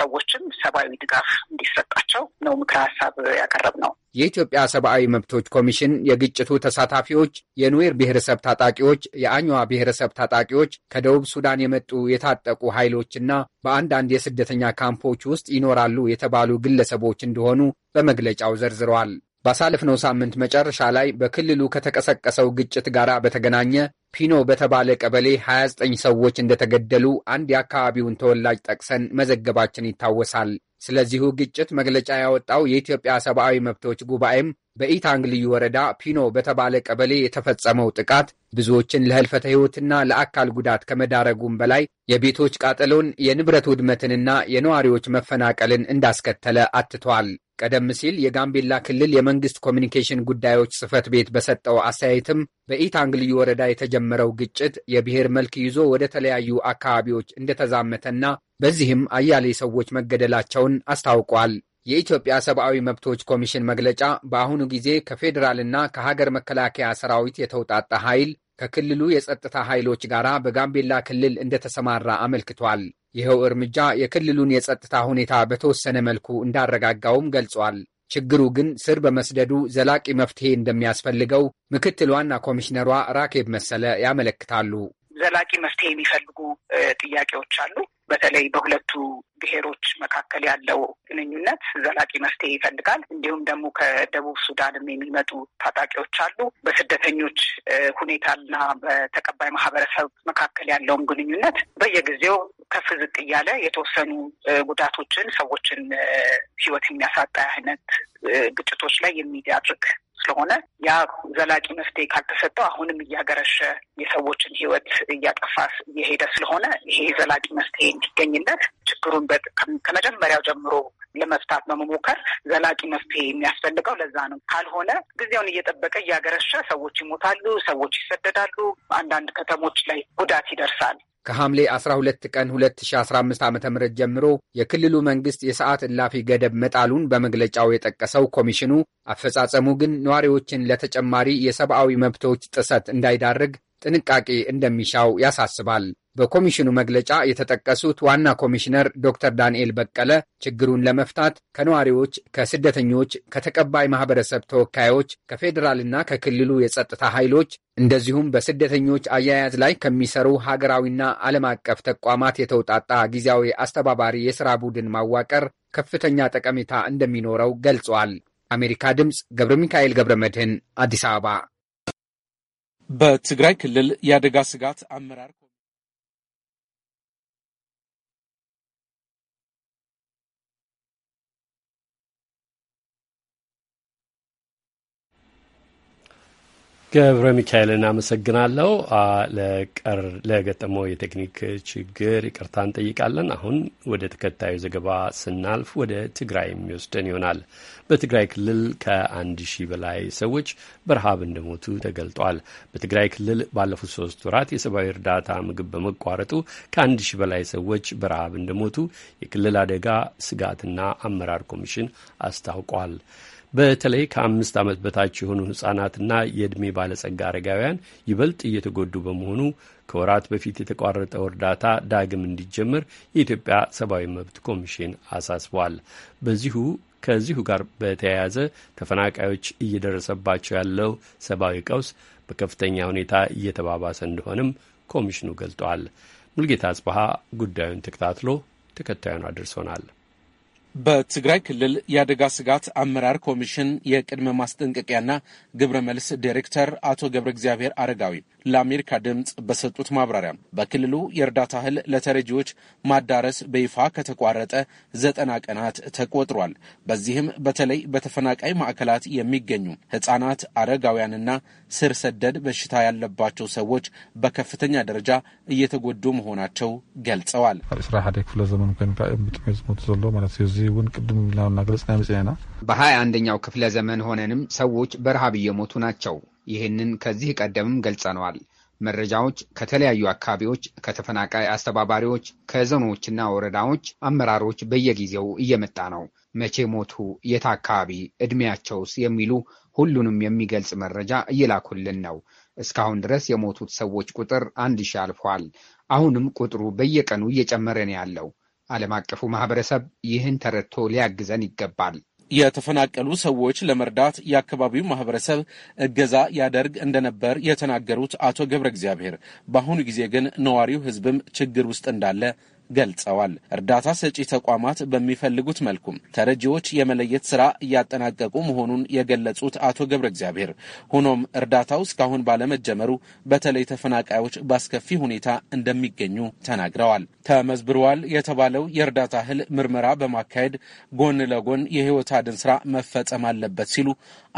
ሰዎችም ሰብአዊ ድጋፍ እንዲሰጣቸው ነው ምክረ ሀሳብ ያቀረብ ነው። የኢትዮጵያ ሰብአዊ መብቶች ኮሚሽን የግጭቱ ተሳታፊዎች የኑዌር ብሔረሰብ ታጣቂዎች፣ የአኛዋ ብሔረሰብ ታጣቂዎች፣ ከደቡብ ሱዳን የመጡ የታጠቁ ኃይሎችና በአንዳንድ የስደተኛ ካምፖች ውስጥ ይኖራሉ የተባሉ ግለሰቦች እንደሆኑ በመግለጫው ዘርዝረዋል። ባሳለፍነው ሳምንት መጨረሻ ላይ በክልሉ ከተቀሰቀሰው ግጭት ጋር በተገናኘ ፒኖ በተባለ ቀበሌ 29 ሰዎች እንደተገደሉ አንድ የአካባቢውን ተወላጅ ጠቅሰን መዘገባችን ይታወሳል። ስለዚሁ ግጭት መግለጫ ያወጣው የኢትዮጵያ ሰብአዊ መብቶች ጉባኤም በኢታንግ ልዩ ወረዳ ፒኖ በተባለ ቀበሌ የተፈጸመው ጥቃት ብዙዎችን ለህልፈተ ሕይወትና ለአካል ጉዳት ከመዳረጉም በላይ የቤቶች ቃጠሎን፣ የንብረት ውድመትንና የነዋሪዎች መፈናቀልን እንዳስከተለ አትቷል። ቀደም ሲል የጋምቤላ ክልል የመንግስት ኮሚኒኬሽን ጉዳዮች ጽህፈት ቤት በሰጠው አስተያየትም በኢታንግ ልዩ ወረዳ የተጀመረው ግጭት የብሔር መልክ ይዞ ወደ ተለያዩ አካባቢዎች እንደተዛመተና በዚህም አያሌ ሰዎች መገደላቸውን አስታውቋል። የኢትዮጵያ ሰብአዊ መብቶች ኮሚሽን መግለጫ በአሁኑ ጊዜ ከፌዴራልና ከሀገር መከላከያ ሰራዊት የተውጣጣ ኃይል ከክልሉ የጸጥታ ኃይሎች ጋር በጋምቤላ ክልል እንደተሰማራ አመልክቷል። ይኸው እርምጃ የክልሉን የጸጥታ ሁኔታ በተወሰነ መልኩ እንዳረጋጋውም ገልጿል። ችግሩ ግን ስር በመስደዱ ዘላቂ መፍትሄ እንደሚያስፈልገው ምክትል ዋና ኮሚሽነሯ ራኬብ መሰለ ያመለክታሉ። ዘላቂ መፍትሄ የሚፈልጉ ጥያቄዎች አሉ። በተለይ በሁለቱ ብሔሮች መካከል ያለው ግንኙነት ዘላቂ መፍትሄ ይፈልጋል። እንዲሁም ደግሞ ከደቡብ ሱዳንም የሚመጡ ታጣቂዎች አሉ። በስደተኞች ሁኔታና በተቀባይ ማህበረሰብ መካከል ያለውም ግንኙነት በየጊዜው ከፍ ዝቅ እያለ የተወሰኑ ጉዳቶችን፣ ሰዎችን ህይወት የሚያሳጣ አይነት ግጭቶች ላይ የሚያድርግ ስለሆነ ያ ዘላቂ መፍትሄ ካልተሰጠው አሁንም እያገረሸ የሰዎችን ህይወት እያጠፋ እየሄደ ስለሆነ ይሄ ዘላቂ መፍትሄ እንዲገኝለት ችግሩን ከመጀመሪያው ጀምሮ ለመፍታት በመሞከር ዘላቂ መፍትሄ የሚያስፈልገው ለዛ ነው። ካልሆነ ጊዜውን እየጠበቀ እያገረሸ ሰዎች ይሞታሉ፣ ሰዎች ይሰደዳሉ፣ አንዳንድ ከተሞች ላይ ጉዳት ይደርሳል። ከሐምሌ 12 ቀን 2015 ዓ ም ጀምሮ የክልሉ መንግሥት የሰዓት እላፊ ገደብ መጣሉን በመግለጫው የጠቀሰው ኮሚሽኑ አፈጻጸሙ ግን ነዋሪዎችን ለተጨማሪ የሰብአዊ መብቶች ጥሰት እንዳይዳርግ ጥንቃቄ እንደሚሻው ያሳስባል። በኮሚሽኑ መግለጫ የተጠቀሱት ዋና ኮሚሽነር ዶክተር ዳንኤል በቀለ ችግሩን ለመፍታት ከነዋሪዎች፣ ከስደተኞች፣ ከተቀባይ ማህበረሰብ ተወካዮች፣ ከፌዴራልና ከክልሉ የጸጥታ ኃይሎች እንደዚሁም በስደተኞች አያያዝ ላይ ከሚሰሩ ሀገራዊና ዓለም አቀፍ ተቋማት የተውጣጣ ጊዜያዊ አስተባባሪ የሥራ ቡድን ማዋቀር ከፍተኛ ጠቀሜታ እንደሚኖረው ገልጿል። አሜሪካ ድምፅ ገብረ ሚካኤል ገብረ መድህን አዲስ አበባ። በትግራይ ክልል የአደጋ ስጋት አመራር ገብረ ሚካኤልን አመሰግናለሁ። ለገጠመው የቴክኒክ ችግር ይቅርታ እንጠይቃለን። አሁን ወደ ተከታዩ ዘገባ ስናልፍ ወደ ትግራይ የሚወስደን ይሆናል። በትግራይ ክልል ከአንድ ሺህ በላይ ሰዎች በረሃብ እንደሞቱ ተገልጧል። በትግራይ ክልል ባለፉት ሶስት ወራት የሰብአዊ እርዳታ ምግብ በመቋረጡ ከአንድ ሺህ በላይ ሰዎች በረሃብ እንደሞቱ የክልል አደጋ ስጋትና አመራር ኮሚሽን አስታውቋል። በተለይ ከአምስት ዓመት በታች የሆኑ ሕፃናትና የዕድሜ ባለጸጋ አረጋውያን ይበልጥ እየተጎዱ በመሆኑ ከወራት በፊት የተቋረጠው እርዳታ ዳግም እንዲጀመር የኢትዮጵያ ሰብአዊ መብት ኮሚሽን አሳስቧል። በዚሁ ከዚሁ ጋር በተያያዘ ተፈናቃዮች እየደረሰባቸው ያለው ሰብአዊ ቀውስ በከፍተኛ ሁኔታ እየተባባሰ እንደሆነም ኮሚሽኑ ገልጧል። ሙልጌታ አጽበሀ ጉዳዩን ተከታትሎ ተከታዩን አድርሶናል። በትግራይ ክልል የአደጋ ስጋት አመራር ኮሚሽን የቅድመ ማስጠንቀቂያና ግብረ መልስ ዲሬክተር አቶ ገብረ እግዚአብሔር አረጋዊ ለአሜሪካ ድምፅ በሰጡት ማብራሪያ በክልሉ የእርዳታ እህል ለተረጂዎች ማዳረስ በይፋ ከተቋረጠ ዘጠና ቀናት ተቆጥሯል። በዚህም በተለይ በተፈናቃይ ማዕከላት የሚገኙ ህፃናት አረጋውያንና ስር ሰደድ በሽታ ያለባቸው ሰዎች በከፍተኛ ደረጃ እየተጎዱ መሆናቸው ገልጸዋል። እውን ቅድም ለመናገር ጽና በሀያ አንደኛው ክፍለ ዘመን ሆነንም ሰዎች በረሃብ እየሞቱ ናቸው። ይህንን ከዚህ ቀደምም ገልጸነዋል። መረጃዎች ከተለያዩ አካባቢዎች ከተፈናቃይ አስተባባሪዎች፣ ከዞኖችና ወረዳዎች አመራሮች በየጊዜው እየመጣ ነው። መቼ ሞቱ፣ የት አካባቢ፣ እድሜያቸውስ የሚሉ ሁሉንም የሚገልጽ መረጃ እየላኩልን ነው። እስካሁን ድረስ የሞቱት ሰዎች ቁጥር አንድ ሺህ አልፏል። አሁንም ቁጥሩ በየቀኑ እየጨመረ ነው ያለው። ዓለም አቀፉ ማህበረሰብ ይህን ተረድቶ ሊያግዘን ይገባል። የተፈናቀሉ ሰዎች ለመርዳት የአካባቢው ማህበረሰብ እገዛ ያደርግ እንደነበር የተናገሩት አቶ ገብረ እግዚአብሔር በአሁኑ ጊዜ ግን ነዋሪው ህዝብም ችግር ውስጥ እንዳለ ገልጸዋል። እርዳታ ሰጪ ተቋማት በሚፈልጉት መልኩም ተረጂዎች የመለየት ስራ እያጠናቀቁ መሆኑን የገለጹት አቶ ገብረ እግዚአብሔር፣ ሆኖም እርዳታው እስካሁን ባለመጀመሩ በተለይ ተፈናቃዮች በአስከፊ ሁኔታ እንደሚገኙ ተናግረዋል። ተመዝብረዋል የተባለው የእርዳታ እህል ምርመራ በማካሄድ ጎን ለጎን የህይወት አድን ስራ መፈጸም አለበት ሲሉ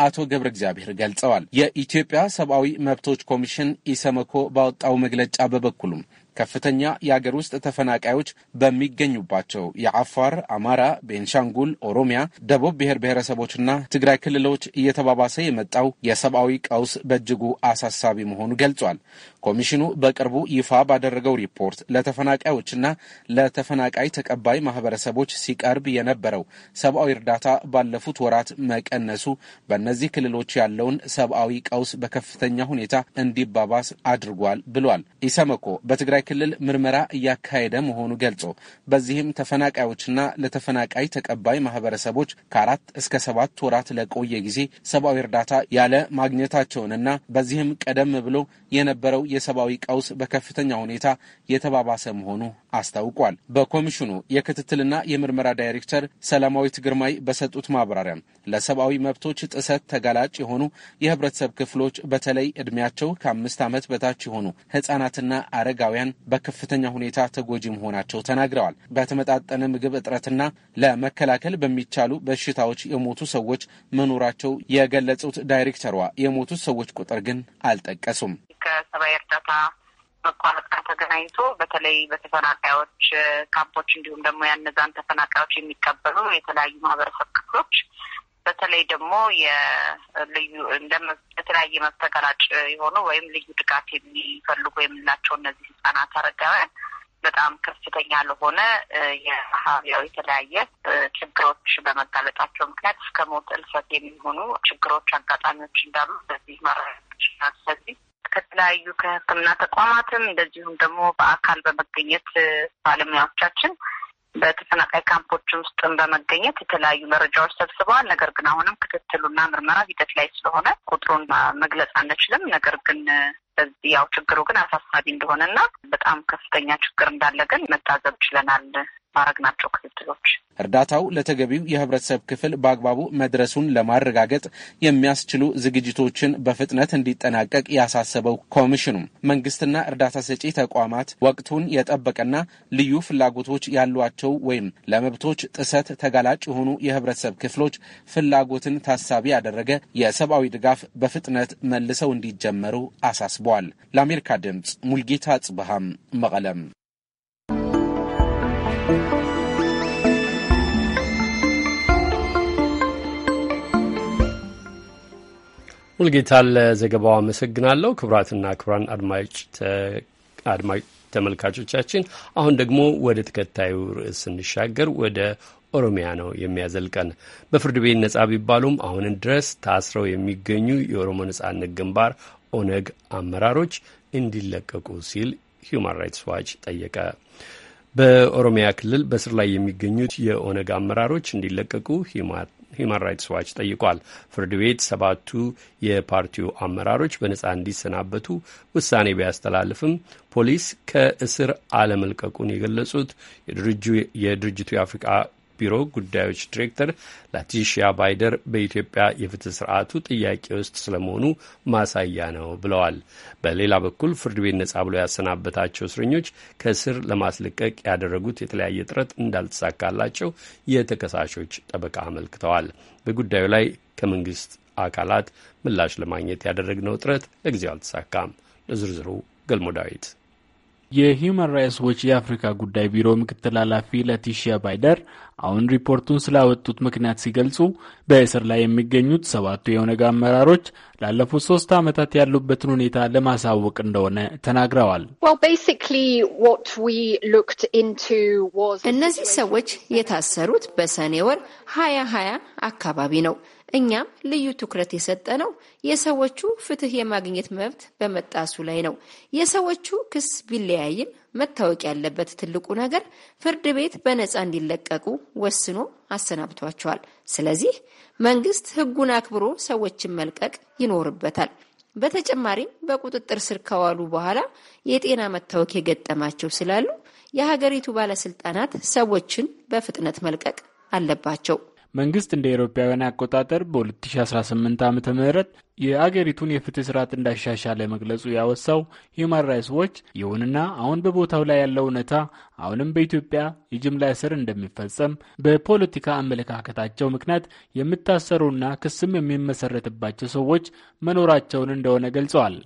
አቶ ገብረ እግዚአብሔር ገልጸዋል። የኢትዮጵያ ሰብአዊ መብቶች ኮሚሽን ኢሰመኮ ባወጣው መግለጫ በበኩሉም ከፍተኛ የአገር ውስጥ ተፈናቃዮች በሚገኙባቸው የአፋር፣ አማራ፣ ቤንሻንጉል፣ ኦሮሚያ፣ ደቡብ ብሔር ብሔረሰቦችና ትግራይ ክልሎች እየተባባሰ የመጣው የሰብአዊ ቀውስ በእጅጉ አሳሳቢ መሆኑ ገልጿል። ኮሚሽኑ በቅርቡ ይፋ ባደረገው ሪፖርት ለተፈናቃዮችና ለተፈናቃይ ተቀባይ ማህበረሰቦች ሲቀርብ የነበረው ሰብአዊ እርዳታ ባለፉት ወራት መቀነሱ በእነዚህ ክልሎች ያለውን ሰብአዊ ቀውስ በከፍተኛ ሁኔታ እንዲባባስ አድርጓል ብሏል። ኢሰመኮ በትግራይ ክልል ምርመራ እያካሄደ መሆኑ ገልጾ በዚህም ተፈናቃዮችና ለተፈናቃይ ተቀባይ ማህበረሰቦች ከአራት እስከ ሰባት ወራት ለቆየ ጊዜ ሰብአዊ እርዳታ ያለ ማግኘታቸውንና በዚህም ቀደም ብሎ የነበረው የሰብአዊ ቀውስ በከፍተኛ ሁኔታ የተባባሰ መሆኑ አስታውቋል። በኮሚሽኑ የክትትልና የምርመራ ዳይሬክተር ሰላማዊት ግርማይ በሰጡት ማብራሪያ ለሰብአዊ መብቶች ጥሰት ተጋላጭ የሆኑ የህብረተሰብ ክፍሎች በተለይ ዕድሜያቸው ከአምስት ዓመት በታች የሆኑ ህጻናትና አረጋውያን በከፍተኛ ሁኔታ ተጎጂ መሆናቸው ተናግረዋል። በተመጣጠነ ምግብ እጥረትና ለመከላከል በሚቻሉ በሽታዎች የሞቱ ሰዎች መኖራቸው የገለጹት ዳይሬክተሯ የሞቱት ሰዎች ቁጥር ግን አልጠቀሱም። ከሰብአዊ እርዳታ መቋረጥ ጋር ተገናኝቶ በተለይ በተፈናቃዮች ካምፖች እንዲሁም ደግሞ ያነዛን ተፈናቃዮች የሚቀበሉ የተለያዩ ማህበረሰብ ክፍሎች በተለይ ደግሞ የልዩ በተለያየ መብት ተጋላጭ የሆኑ ወይም ልዩ ድጋፍ የሚፈልጉ የምንላቸው እነዚህ ህጻናት፣ አረጋውያን በጣም ከፍተኛ ለሆነ የማህበራዊ የተለያየ ችግሮች በመጋለጣቸው ምክንያት እስከ ሞት እልፈት የሚሆኑ ችግሮች፣ አጋጣሚዎች እንዳሉ በዚህ መረጋገጥ ስለዚህ ከተለያዩ ከሕክምና ተቋማትም እንደዚሁም ደግሞ በአካል በመገኘት ባለሙያዎቻችን በተፈናቃይ ካምፖች ውስጥም በመገኘት የተለያዩ መረጃዎች ሰብስበዋል። ነገር ግን አሁንም ክትትሉና ምርመራ ሂደት ላይ ስለሆነ ቁጥሩን መግለጽ አንችልም። ነገር ግን በዚህ ያው ችግሩ ግን አሳሳቢ እንደሆነና በጣም ከፍተኛ ችግር እንዳለ ግን መታዘብ ችለናል። ማድረግ ናቸው ክትትሎች። እርዳታው ለተገቢው የህብረተሰብ ክፍል በአግባቡ መድረሱን ለማረጋገጥ የሚያስችሉ ዝግጅቶችን በፍጥነት እንዲጠናቀቅ ያሳሰበው ኮሚሽኑ መንግስትና እርዳታ ሰጪ ተቋማት ወቅቱን የጠበቀና ልዩ ፍላጎቶች ያሏቸው ወይም ለመብቶች ጥሰት ተጋላጭ የሆኑ የህብረተሰብ ክፍሎች ፍላጎትን ታሳቢ ያደረገ የሰብአዊ ድጋፍ በፍጥነት መልሰው እንዲጀመሩ አሳስቧል። አሳስበዋል። ለአሜሪካ ድምፅ ሙልጌታ ጽብሃም መቀለም። ሙልጌታ ለዘገባው አመሰግናለሁ። ክቡራትና ክቡራን አድማጭ አድማጭ ተመልካቾቻችን አሁን ደግሞ ወደ ተከታዩ ርዕስ ስንሻገር ወደ ኦሮሚያ ነው የሚያዘልቀን። በፍርድ ቤት ነጻ ቢባሉም አሁን ድረስ ታስረው የሚገኙ የኦሮሞ ነጻነት ግንባር ኦነግ አመራሮች እንዲለቀቁ ሲል ሁማን ራይትስ ዋች ጠየቀ። በኦሮሚያ ክልል በስር ላይ የሚገኙት የኦነግ አመራሮች እንዲለቀቁ ሂማን ራይትስ ዋች ጠይቋል። ፍርድ ቤት ሰባቱ የፓርቲው አመራሮች በነጻ እንዲሰናበቱ ውሳኔ ቢያስተላልፍም ፖሊስ ከእስር አለመልቀቁን የገለጹት የድርጅቱ የአፍሪቃ ቢሮ ጉዳዮች ዲሬክተር ላቲሺያ ባይደር በኢትዮጵያ የፍትህ ስርዓቱ ጥያቄ ውስጥ ስለመሆኑ ማሳያ ነው ብለዋል። በሌላ በኩል ፍርድ ቤት ነጻ ብሎ ያሰናበታቸው እስረኞች ከእስር ለማስለቀቅ ያደረጉት የተለያየ ጥረት እንዳልተሳካላቸው የተከሳሾች ጠበቃ አመልክተዋል። በጉዳዩ ላይ ከመንግስት አካላት ምላሽ ለማግኘት ያደረግነው ጥረት ለጊዜው አልተሳካም። ለዝርዝሩ ገልሞ ዳዊት የሂውማን ራይትስ ዎች የአፍሪካ ጉዳይ ቢሮ ምክትል ኃላፊ ለቲሺያ ባይደር አሁን ሪፖርቱን ስላወጡት ምክንያት ሲገልጹ በእስር ላይ የሚገኙት ሰባቱ የኦነግ አመራሮች ላለፉት ሶስት ዓመታት ያሉበትን ሁኔታ ለማሳወቅ እንደሆነ ተናግረዋል። እነዚህ ሰዎች የታሰሩት በሰኔ ወር ሀያ ሀያ አካባቢ ነው። እኛም ልዩ ትኩረት የሰጠነው የሰዎቹ ፍትህ የማግኘት መብት በመጣሱ ላይ ነው። የሰዎቹ ክስ ቢለያይም መታወቅ ያለበት ትልቁ ነገር ፍርድ ቤት በነፃ እንዲለቀቁ ወስኖ አሰናብቷቸዋል። ስለዚህ መንግስት ህጉን አክብሮ ሰዎችን መልቀቅ ይኖርበታል። በተጨማሪም በቁጥጥር ስር ከዋሉ በኋላ የጤና መታወክ የገጠማቸው ስላሉ የሀገሪቱ ባለስልጣናት ሰዎችን በፍጥነት መልቀቅ አለባቸው። መንግስት እንደ አውሮፓውያን አቆጣጠር በ2018 ም የአገሪቱን የፍትህ ስርዓት እንዳሻሻለ መግለጹ ያወሳው ሂውማን ራይትስ ዎች፣ ይሁንና አሁን በቦታው ላይ ያለው እውነታ አሁንም በኢትዮጵያ የጅምላ እስር እንደሚፈጸም በፖለቲካ አመለካከታቸው ምክንያት የሚታሰሩና ክስም የሚመሰረትባቸው ሰዎች መኖራቸውን እንደሆነ ገልጸዋል።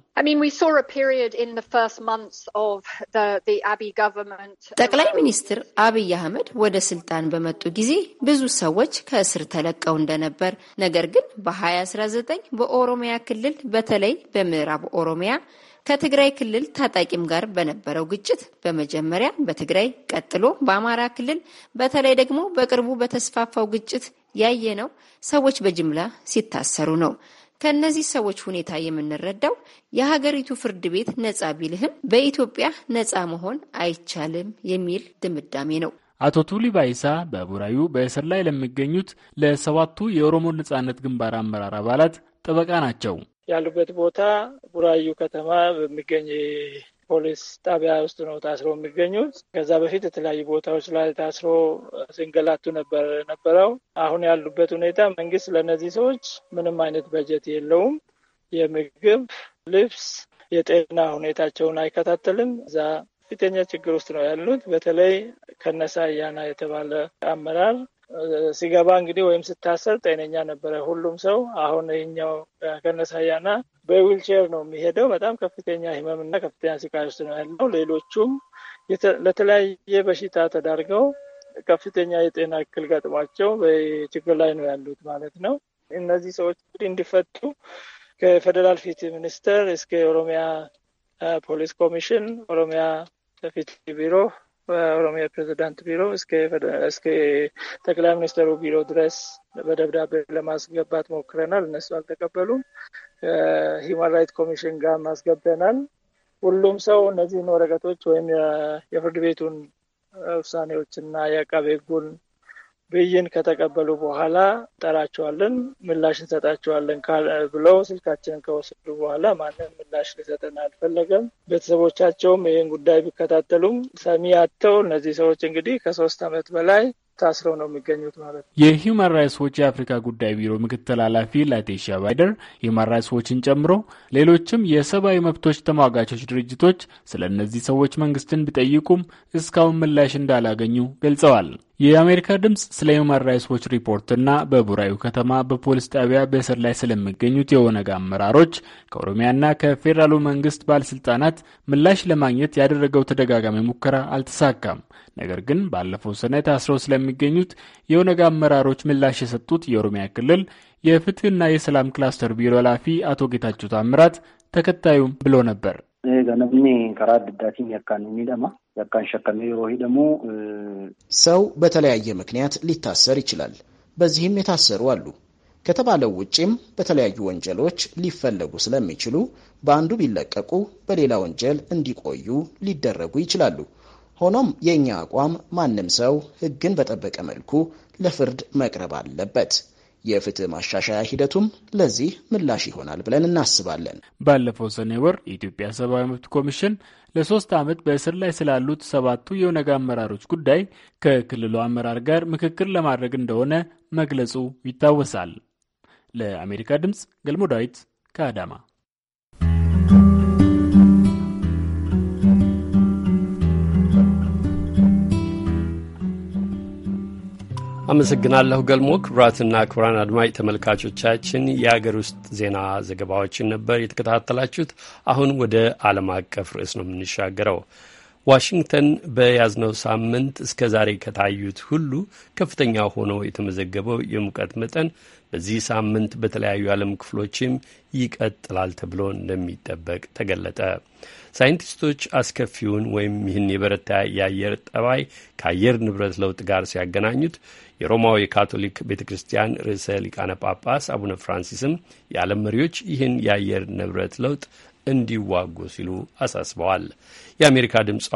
ጠቅላይ ሚኒስትር አብይ አህመድ ወደ ስልጣን በመጡ ጊዜ ብዙ ሰዎች ከእስር ተለቀው እንደነበር ነገር ግን በ2019 በኦሮ ኦሮሚያ ክልል በተለይ በምዕራብ ኦሮሚያ ከትግራይ ክልል ታጣቂም ጋር በነበረው ግጭት በመጀመሪያ በትግራይ ቀጥሎ በአማራ ክልል በተለይ ደግሞ በቅርቡ በተስፋፋው ግጭት ያየነው ሰዎች በጅምላ ሲታሰሩ ነው። ከእነዚህ ሰዎች ሁኔታ የምንረዳው የሀገሪቱ ፍርድ ቤት ነጻ ቢልህም በኢትዮጵያ ነጻ መሆን አይቻልም የሚል ድምዳሜ ነው። አቶ ቱሊ ባይሳ በቡራዩ በእስር ላይ ለሚገኙት ለሰባቱ የኦሮሞ ነጻነት ግንባር አመራር አባላት ጠበቃ ናቸው። ያሉበት ቦታ ቡራዩ ከተማ በሚገኝ ፖሊስ ጣቢያ ውስጥ ነው ታስረው የሚገኙት። ከዛ በፊት የተለያዩ ቦታዎች ላይ ታስሮ ሲንገላቱ ነበር ነበረው። አሁን ያሉበት ሁኔታ መንግስት ለእነዚህ ሰዎች ምንም አይነት በጀት የለውም። የምግብ ልብስ፣ የጤና ሁኔታቸውን አይከታተልም። እዛ ከፍተኛ ችግር ውስጥ ነው ያሉት። በተለይ ከነሳ አያና የተባለ አመራር ሲገባ እንግዲህ ወይም ስታሰር ጤነኛ ነበረ ሁሉም ሰው። አሁን ይህኛው ከነሳያና በዊልቼር ነው የሚሄደው። በጣም ከፍተኛ ህመምና ከፍተኛ ስቃይ ውስጥ ነው ያለው። ሌሎቹም ለተለያየ በሽታ ተዳርገው ከፍተኛ የጤና እክል ገጥሟቸው በችግር ላይ ነው ያሉት ማለት ነው። እነዚህ ሰዎች እንግዲህ እንዲፈቱ ከፌደራል ፊት ሚኒስቴር እስከ ኦሮሚያ ፖሊስ ኮሚሽን፣ ኦሮሚያ ፊት ቢሮ ኦሮሚያ ፕሬዚዳንት ቢሮ እስከ ጠቅላይ ሚኒስትሩ ቢሮ ድረስ በደብዳቤ ለማስገባት ሞክረናል። እነሱ አልተቀበሉም። ሂማን ራይት ኮሚሽን ጋር ማስገብተናል። ሁሉም ሰው እነዚህን ወረቀቶች ወይም የፍርድ ቤቱን ውሳኔዎችና የአቃቤ ሕጉን ብይን ከተቀበሉ በኋላ ጠራቸዋለን፣ ምላሽ እንሰጣቸዋለን ብለው ስልካችንን ከወሰዱ በኋላ ማንም ምላሽ ሊሰጠን አልፈለገም። ቤተሰቦቻቸውም ይህን ጉዳይ ቢከታተሉም ሰሚ አጥተው እነዚህ ሰዎች እንግዲህ ከሶስት ዓመት በላይ ታስረው ነው የሚገኙት ማለት ነው። የሂውማን ራይትስ ዎች የአፍሪካ ጉዳይ ቢሮ ምክትል ኃላፊ ላቴሻ ባይደር ሂውማን ራይትስ ዎችን ጨምሮ ሌሎችም የሰብአዊ መብቶች ተሟጋቾች ድርጅቶች ስለ እነዚህ ሰዎች መንግስትን ቢጠይቁም እስካሁን ምላሽ እንዳላገኙ ገልጸዋል። የአሜሪካ ድምፅ ስለ ሁማን ራይትስ ሪፖርትና በቡራዩ ከተማ በፖሊስ ጣቢያ በእስር ላይ ስለሚገኙት የኦነግ አመራሮች ከኦሮሚያና ከፌዴራሉ መንግስት ባለስልጣናት ምላሽ ለማግኘት ያደረገው ተደጋጋሚ ሙከራ አልተሳካም። ነገር ግን ባለፈው ሰኔ ታስረው ስለሚገኙት የኦነግ አመራሮች ምላሽ የሰጡት የኦሮሚያ ክልል የፍትህና የሰላም ክላስተር ቢሮ ኃላፊ አቶ ጌታቸው ታምራት ተከታዩም ብሎ ነበር። namni karaa adda addaatiin yakkaan ni miidhama. Yakkaan shakkamee yeroo hidhamu ሰው በተለያየ ምክንያት ሊታሰር ይችላል። በዚህም የታሰሩ አሉ። ከተባለው ውጪም በተለያዩ ወንጀሎች ሊፈለጉ ስለሚችሉ በአንዱ ቢለቀቁ በሌላ ወንጀል እንዲቆዩ ሊደረጉ ይችላሉ። ሆኖም የእኛ አቋም ማንም ሰው ሕግን በጠበቀ መልኩ ለፍርድ መቅረብ አለበት። የፍትህ ማሻሻያ ሂደቱም ለዚህ ምላሽ ይሆናል ብለን እናስባለን። ባለፈው ሰኔ ወር የኢትዮጵያ ሰብአዊ መብት ኮሚሽን ለሶስት ዓመት በእስር ላይ ስላሉት ሰባቱ የኦነግ አመራሮች ጉዳይ ከክልሉ አመራር ጋር ምክክር ለማድረግ እንደሆነ መግለጹ ይታወሳል። ለአሜሪካ ድምፅ ገልሞ ዳዊት ከአዳማ አመሰግናለሁ ገልሞ። ክቡራትና ክቡራን አድማጭ ተመልካቾቻችን የአገር ውስጥ ዜና ዘገባዎችን ነበር የተከታተላችሁት። አሁን ወደ ዓለም አቀፍ ርዕስ ነው የምንሻገረው። ዋሽንግተን በያዝነው ሳምንት እስከ ዛሬ ከታዩት ሁሉ ከፍተኛ ሆኖ የተመዘገበው የሙቀት መጠን በዚህ ሳምንት በተለያዩ ዓለም ክፍሎችም ይቀጥላል ተብሎ እንደሚጠበቅ ተገለጠ። ሳይንቲስቶች አስከፊውን ወይም ይህን የበረታ የአየር ጠባይ ከአየር ንብረት ለውጥ ጋር ሲያገናኙት የሮማው የካቶሊክ ቤተ ክርስቲያን ርዕሰ ሊቃነ ጳጳስ አቡነ ፍራንሲስም የዓለም መሪዎች ይህን የአየር ንብረት ለውጥ እንዲዋጉ ሲሉ አሳስበዋል። የአሜሪካ ድምጿ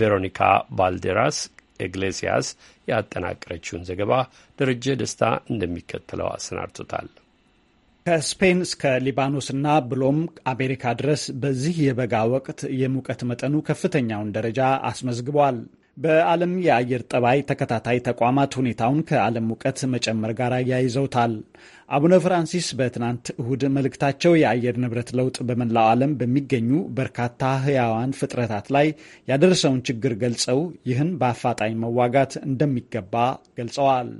ቬሮኒካ ባልዴራስ ኤግሌሲያስ ያጠናቀረችውን ዘገባ ደረጀ ደስታ እንደሚከተለው አሰናድቶታል። ከስፔን እስከ ሊባኖስና ብሎም አሜሪካ ድረስ በዚህ የበጋ ወቅት የሙቀት መጠኑ ከፍተኛውን ደረጃ አስመዝግቧል። በዓለም የአየር ጠባይ ተከታታይ ተቋማት ሁኔታውን ከዓለም ሙቀት መጨመር ጋር አያይዘውታል። አቡነ ፍራንሲስ በትናንት እሁድ መልእክታቸው የአየር ንብረት ለውጥ በመላው ዓለም በሚገኙ በርካታ ህያዋን ፍጥረታት ላይ ያደረሰውን ችግር ገልጸው ይህን በአፋጣኝ መዋጋት እንደሚገባ ገልጸዋል።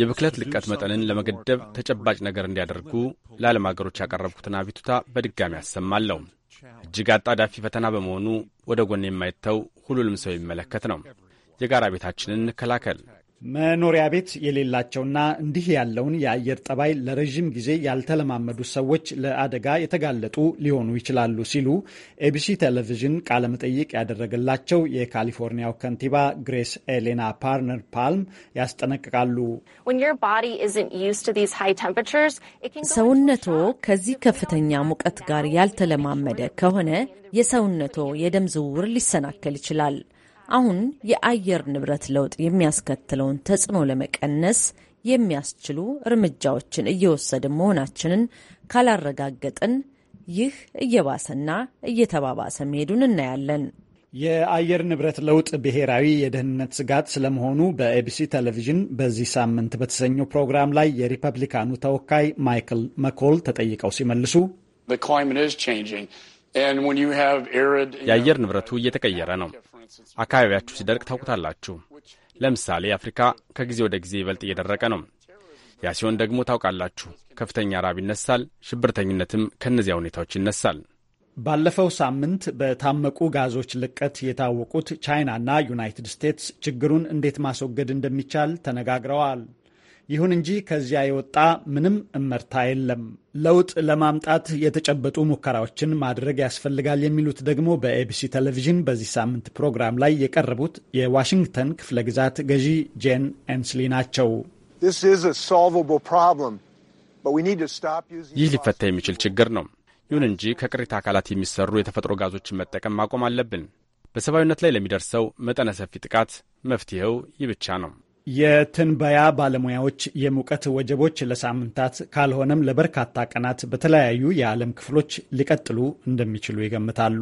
የብክለት ልቀት መጠንን ለመገደብ ተጨባጭ ነገር እንዲያደርጉ ለዓለም አገሮች ያቀረብኩትን አቤቱታ በድጋሚ አሰማለሁ። እጅግ አጣዳፊ ፈተና በመሆኑ ወደ ጎን የማይተው ሁሉንም ሰው የሚመለከት ነው። የጋራ ቤታችንን እንከላከል። መኖሪያ ቤት የሌላቸውና እንዲህ ያለውን የአየር ጠባይ ለረዥም ጊዜ ያልተለማመዱ ሰዎች ለአደጋ የተጋለጡ ሊሆኑ ይችላሉ ሲሉ ኤቢሲ ቴሌቪዥን ቃለመጠይቅ ያደረገላቸው የካሊፎርኒያው ከንቲባ ግሬስ ኤሌና ፓርነር ፓልም ያስጠነቅቃሉ። ሰውነቶ ከዚህ ከፍተኛ ሙቀት ጋር ያልተለማመደ ከሆነ የሰውነቶ የደም ዝውውር ሊሰናከል ይችላል። አሁን የአየር ንብረት ለውጥ የሚያስከትለውን ተጽዕኖ ለመቀነስ የሚያስችሉ እርምጃዎችን እየወሰድን መሆናችንን ካላረጋገጥን ይህ እየባሰና እየተባባሰ መሄዱን እናያለን። የአየር ንብረት ለውጥ ብሔራዊ የደህንነት ስጋት ስለመሆኑ በኤቢሲ ቴሌቪዥን በዚህ ሳምንት በተሰኘው ፕሮግራም ላይ የሪፐብሊካኑ ተወካይ ማይክል መኮል ተጠይቀው ሲመልሱ የአየር ንብረቱ እየተቀየረ ነው። አካባቢያችሁ ሲደርቅ ታውቁታላችሁ። ለምሳሌ አፍሪካ ከጊዜ ወደ ጊዜ ይበልጥ እየደረቀ ነው። ያ ሲሆን ደግሞ ታውቃላችሁ፣ ከፍተኛ ራብ ይነሳል፣ ሽብርተኝነትም ከእነዚያ ሁኔታዎች ይነሳል። ባለፈው ሳምንት በታመቁ ጋዞች ልቀት የታወቁት ቻይናና ዩናይትድ ስቴትስ ችግሩን እንዴት ማስወገድ እንደሚቻል ተነጋግረዋል። ይሁን እንጂ ከዚያ የወጣ ምንም እመርታ የለም። ለውጥ ለማምጣት የተጨበጡ ሙከራዎችን ማድረግ ያስፈልጋል የሚሉት ደግሞ በኤቢሲ ቴሌቪዥን በዚህ ሳምንት ፕሮግራም ላይ የቀረቡት የዋሽንግተን ክፍለ ግዛት ገዢ ጄን ኤንስሊ ናቸው። ይህ ሊፈታ የሚችል ችግር ነው። ይሁን እንጂ ከቅሪተ አካላት የሚሰሩ የተፈጥሮ ጋዞችን መጠቀም ማቆም አለብን። በሰብአዊነት ላይ ለሚደርሰው መጠነ ሰፊ ጥቃት መፍትሄው ይህ ብቻ ነው። የትንበያ ባለሙያዎች የሙቀት ወጀቦች ለሳምንታት ካልሆነም ለበርካታ ቀናት በተለያዩ የዓለም ክፍሎች ሊቀጥሉ እንደሚችሉ ይገምታሉ።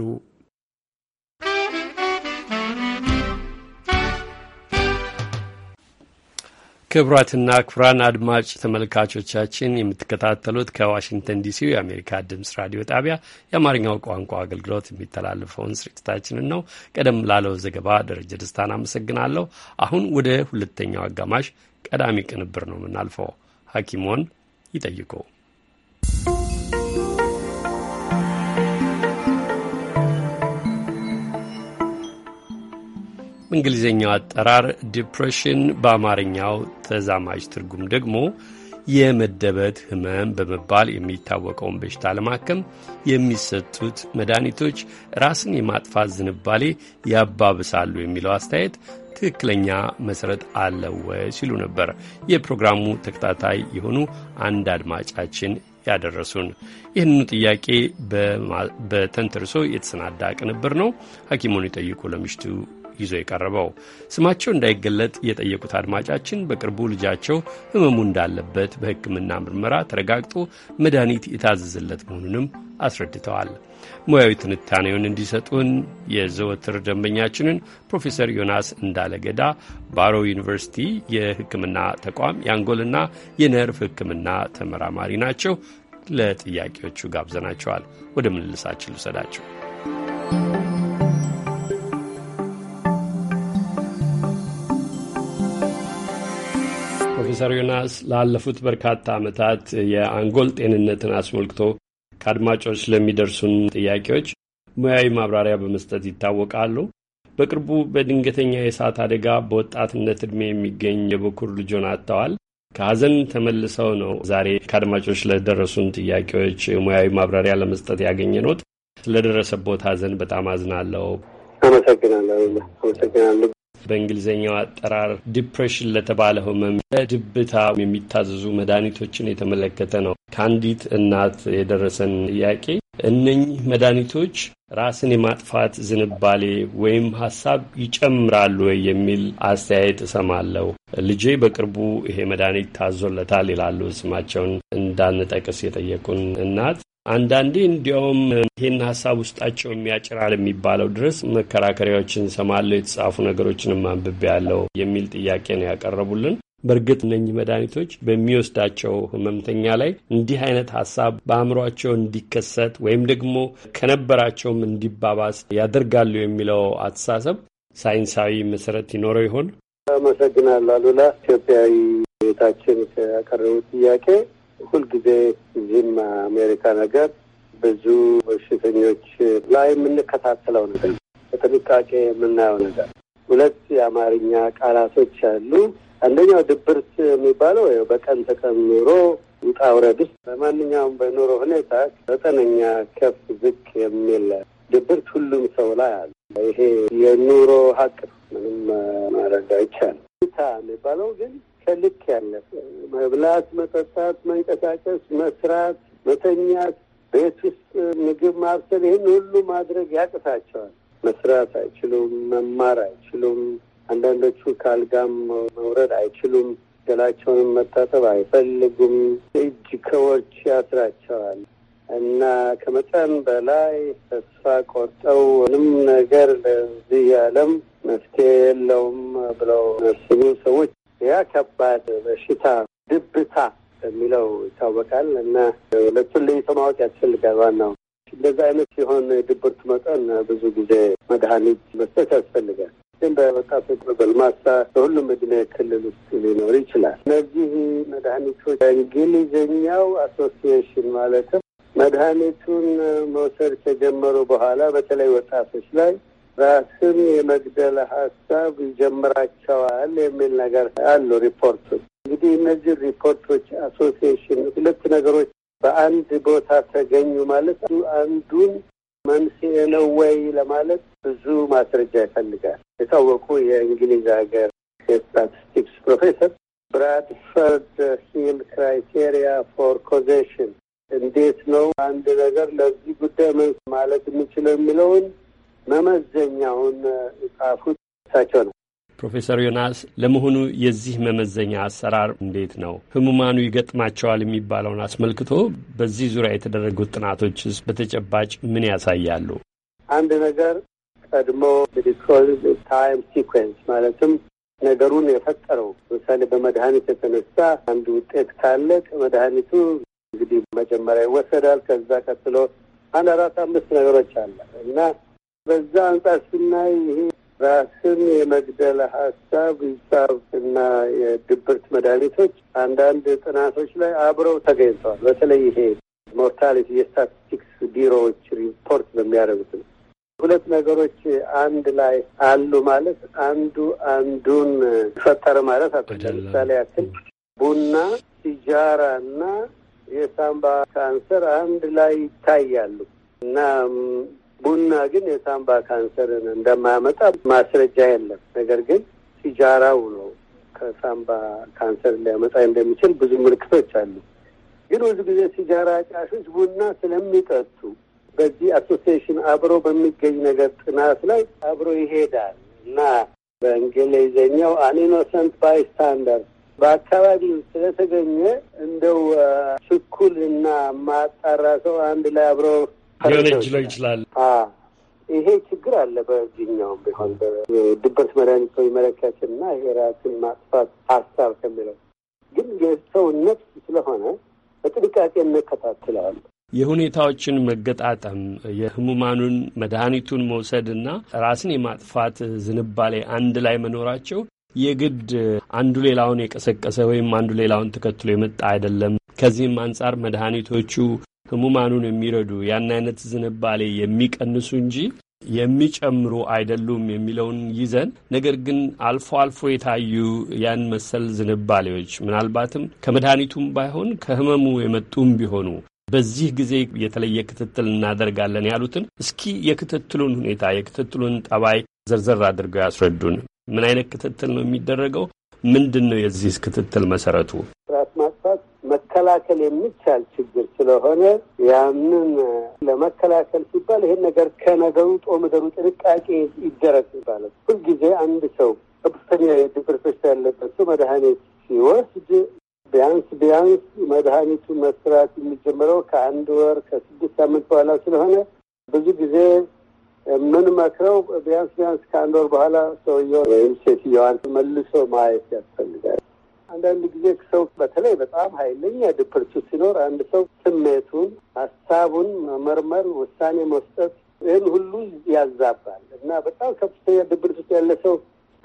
ክቡራትና ክቡራን አድማጭ ተመልካቾቻችን የምትከታተሉት ከዋሽንግተን ዲሲ የአሜሪካ ድምጽ ራዲዮ ጣቢያ የአማርኛው ቋንቋ አገልግሎት የሚተላለፈውን ስርጭታችንን ነው። ቀደም ላለው ዘገባ ደረጀ ደስታን አመሰግናለሁ። አሁን ወደ ሁለተኛው አጋማሽ ቀዳሚ ቅንብር ነው የምናልፈው። ሐኪሞን ይጠይቁ እንግሊዝኛው አጠራር ዲፕሬሽን፣ በአማርኛው ተዛማጅ ትርጉም ደግሞ የመደበት ህመም በመባል የሚታወቀውን በሽታ ለማከም የሚሰጡት መድኃኒቶች ራስን የማጥፋት ዝንባሌ ያባብሳሉ የሚለው አስተያየት ትክክለኛ መሰረት አለው ወይ ሲሉ ነበር የፕሮግራሙ ተከታታይ የሆኑ አንድ አድማጫችን ያደረሱን። ይህንኑ ጥያቄ በተንተርሶ የተሰናዳ ቅንብር ነው ሐኪሙን ይጠይቁ ለምሽቱ ይዞ የቀረበው። ስማቸው እንዳይገለጥ የጠየቁት አድማጫችን በቅርቡ ልጃቸው ሕመሙ እንዳለበት በሕክምና ምርመራ ተረጋግጦ መድኃኒት የታዘዘለት መሆኑንም አስረድተዋል። ሙያዊ ትንታኔውን እንዲሰጡን የዘወትር ደንበኛችንን ፕሮፌሰር ዮናስ እንዳለገዳ ባሮ ዩኒቨርሲቲ የሕክምና ተቋም የአንጎልና የነርቭ ሕክምና ተመራማሪ ናቸው። ለጥያቄዎቹ ጋብዘናቸዋል። ወደ ምልልሳችን ልውሰዳቸው። ፕሮፌሰር ዮናስ ላለፉት በርካታ ዓመታት የአንጎል ጤንነትን አስመልክቶ ከአድማጮች ለሚደርሱን ጥያቄዎች ሙያዊ ማብራሪያ በመስጠት ይታወቃሉ። በቅርቡ በድንገተኛ የእሳት አደጋ በወጣትነት ዕድሜ የሚገኝ የበኩር ልጆን አጥተዋል። ከሐዘን ተመልሰው ነው ዛሬ ከአድማጮች ለደረሱን ጥያቄዎች ሙያዊ ማብራሪያ ለመስጠት ያገኘኑት። ስለደረሰቦት ሐዘን በጣም አዝናለሁ። አመሰግናለሁ። አመሰግናለሁ። በእንግሊዝኛው አጠራር ዲፕሬሽን ለተባለ ህመም ለድብታ የሚታዘዙ መድኃኒቶችን የተመለከተ ነው። ከአንዲት እናት የደረሰን ጥያቄ እነኚህ መድኃኒቶች ራስን የማጥፋት ዝንባሌ ወይም ሀሳብ ይጨምራሉ ወይ የሚል አስተያየት እሰማለሁ። ልጄ በቅርቡ ይሄ መድኃኒት ታዞለታል ይላሉ ስማቸውን እንዳንጠቅስ የጠየቁን እናት አንዳንዴ እንዲያውም ይህን ሀሳብ ውስጣቸው የሚያጭራል የሚባለው ድረስ መከራከሪያዎችን ሰማለሁ፣ የተጻፉ ነገሮችንም አንብቤ ያለው የሚል ጥያቄ ነው ያቀረቡልን። በእርግጥ እነኚህ መድኃኒቶች በሚወስዳቸው ህመምተኛ ላይ እንዲህ አይነት ሀሳብ በአእምሯቸው እንዲከሰት ወይም ደግሞ ከነበራቸውም እንዲባባስ ያደርጋሉ የሚለው አስተሳሰብ ሳይንሳዊ መሰረት ይኖረው ይሆን? አመሰግናለሁ አሉላ። ኢትዮጵያዊ ቤታችን ያቀረቡት ጥያቄ ሁልጊዜ እዚህም አሜሪካ ነገር ብዙ በሽተኞች ላይ የምንከታተለው ነገር በጥንቃቄ የምናየው ነገር ሁለት የአማርኛ ቃላቶች አሉ። አንደኛው ድብርት የሚባለው በቀን ተቀን ኑሮ ውጣ ውረድ ውስጥ በማንኛውም በኑሮ ሁኔታ በጠነኛ ከፍ ዝቅ የሚል ድብርት ሁሉም ሰው ላይ አለ። ይሄ የኑሮ ሀቅ ምንም ይቻል ታ የሚባለው ግን ልክ ያለፈ መብላት፣ መጠጣት፣ መንቀሳቀስ፣ መስራት፣ መተኛት፣ ቤት ውስጥ ምግብ ማብሰል፣ ይህን ሁሉ ማድረግ ያቅታቸዋል። መስራት አይችሉም። መማር አይችሉም። አንዳንዶቹ ካልጋም መውረድ አይችሉም። ገላቸውንም መታጠብ አይፈልጉም። እጅ ከወርች ያስራቸዋል እና ከመጠን በላይ ተስፋ ቆርጠው ምንም ነገር ለዚህ ዓለም መፍትሄ የለውም ብለው ነስቡ ሰዎች ያ ከባድ በሽታ ድብታ የሚለው ይታወቃል እና ሁለቱን ለይቶ ማወቅ ያስፈልጋል። ዋናው እንደዚ አይነት ሲሆን ድብርት መጠን ብዙ ጊዜ መድኃኒት መስጠት ያስፈልጋል። ግን በወጣቶች በጎልማሳ በሁሉም እድሜ ክልል ውስጥ ሊኖር ይችላል። እነዚህ መድኃኒቶች እንግሊዝኛው አሶሲዬሽን ማለትም መድኃኒቱን መውሰድ ከጀመሩ በኋላ በተለይ ወጣቶች ላይ ራስን የመግደል ሀሳብ ይጀምራቸዋል የሚል ነገር አሉ ሪፖርቶች። እንግዲህ እነዚህ ሪፖርቶች አሶሲዬሽን ሁለት ነገሮች በአንድ ቦታ ተገኙ ማለት አንዱን መንስኤ ነው ወይ ለማለት ብዙ ማስረጃ ይፈልጋል። የታወቁ የእንግሊዝ ሀገር የስታቲስቲክስ ፕሮፌሰር ብራድፈርድ ሂል ክራይቴሪያ ፎር ኮዜሽን እንዴት ነው አንድ ነገር ለዚህ ጉዳይ ማለት የምችለው የሚለውን መመዘኛውን ጻፉት እሳቸው ነው። ፕሮፌሰር ዮናስ ለመሆኑ የዚህ መመዘኛ አሰራር እንዴት ነው? ህሙማኑ ይገጥማቸዋል የሚባለውን አስመልክቶ በዚህ ዙሪያ የተደረጉት ጥናቶችስ በተጨባጭ ምን ያሳያሉ? አንድ ነገር ቀድሞ ታይም ሲኩዌንስ ማለትም ነገሩን የፈጠረው ለምሳሌ በመድኃኒት የተነሳ አንድ ውጤት ካለ መድኃኒቱ እንግዲህ መጀመሪያ ይወሰዳል። ከዛ ቀጥሎ አንድ አራት አምስት ነገሮች አለ እና በዛ አንጻር ስናይ ይሄ ራስን የመግደል ሀሳብ ሂሳብና የድብርት መድኃኒቶች አንዳንድ ጥናቶች ላይ አብረው ተገኝተዋል። በተለይ ይሄ ሞርታሊቲ የስታቲስቲክስ ቢሮዎች ሪፖርት በሚያደርጉት ነው። ሁለት ነገሮች አንድ ላይ አሉ ማለት አንዱ አንዱን ፈጠረ ማለት አ ለምሳሌ ያክል ቡና፣ ሲጃራ እና የሳምባ ካንሰር አንድ ላይ ይታያሉ እና ቡና ግን የሳምባ ካንሰርን እንደማያመጣ ማስረጃ የለም። ነገር ግን ሲጃራው ነው ከሳምባ ካንሰር ሊያመጣ እንደሚችል ብዙ ምልክቶች አሉ። ግን ብዙ ጊዜ ሲጃራ ጫሾች ቡና ስለሚጠጡ በዚህ አሶሲሽን አብሮ በሚገኝ ነገር ጥናት ላይ አብሮ ይሄዳል እና በእንግሊዝኛው አንኢኖሰንት ባይስታንደር በአካባቢው ስለተገኘ እንደው ችኩል እና ማጣራ ሰው አንድ ላይ አብሮ ሊሆን ይችላል። ይሄ ችግር አለ። በዚህኛውም ቢሆን ድብርት መድኃኒት ሰው ይመለከት እና ይሄ ራስን ማጥፋት ሀሳብ ከሚለው ግን የሰውነት ስለሆነ በጥንቃቄ እንከታትለዋል። የሁኔታዎችን መገጣጠም የህሙማኑን መድኃኒቱን መውሰድ እና ራስን የማጥፋት ዝንባሌ አንድ ላይ መኖራቸው የግድ አንዱ ሌላውን የቀሰቀሰ ወይም አንዱ ሌላውን ተከትሎ የመጣ አይደለም። ከዚህም አንጻር መድኃኒቶቹ ህሙማኑን የሚረዱ ያን አይነት ዝንባሌ የሚቀንሱ እንጂ የሚጨምሩ አይደሉም የሚለውን ይዘን ነገር ግን አልፎ አልፎ የታዩ ያን መሰል ዝንባሌዎች ምናልባትም ከመድኃኒቱም ባይሆን ከህመሙ የመጡም ቢሆኑ በዚህ ጊዜ የተለየ ክትትል እናደርጋለን ያሉትን እስኪ የክትትሉን ሁኔታ የክትትሉን ጠባይ ዘርዘር አድርገው ያስረዱን። ምን አይነት ክትትል ነው የሚደረገው? ምንድን ነው የዚህ ክትትል መሰረቱ? ራስ መከላከል የሚቻል ችግር ስለሆነ ያንን ለመከላከል ሲባል ይሄን ነገር ከነገሩ ጦምደሩ ጥንቃቄ ይደረግ ይባላል። ሁልጊዜ አንድ ሰው ከፍተኛ የድብር በሽታ ያለበት ሰው መድኃኒት ሲወስድ ቢያንስ ቢያንስ መድኃኒቱ መስራት የሚጀምረው ከአንድ ወር ከስድስት ሳምንት በኋላ ስለሆነ ብዙ ጊዜ የምንመክረው ቢያንስ ቢያንስ ከአንድ ወር በኋላ ሰውየው ወይም ሴትዮዋን መልሶ ማየት ያስፈልጋል። አንዳንድ ጊዜ ሰው በተለይ በጣም ኃይለኛ ድብርቱ ሲኖር አንድ ሰው ስሜቱን፣ ሀሳቡን መመርመር፣ ውሳኔ መስጠት ይህን ሁሉ ያዛባል እና በጣም ከፍተኛ ድብርት ውስጥ ያለ ሰው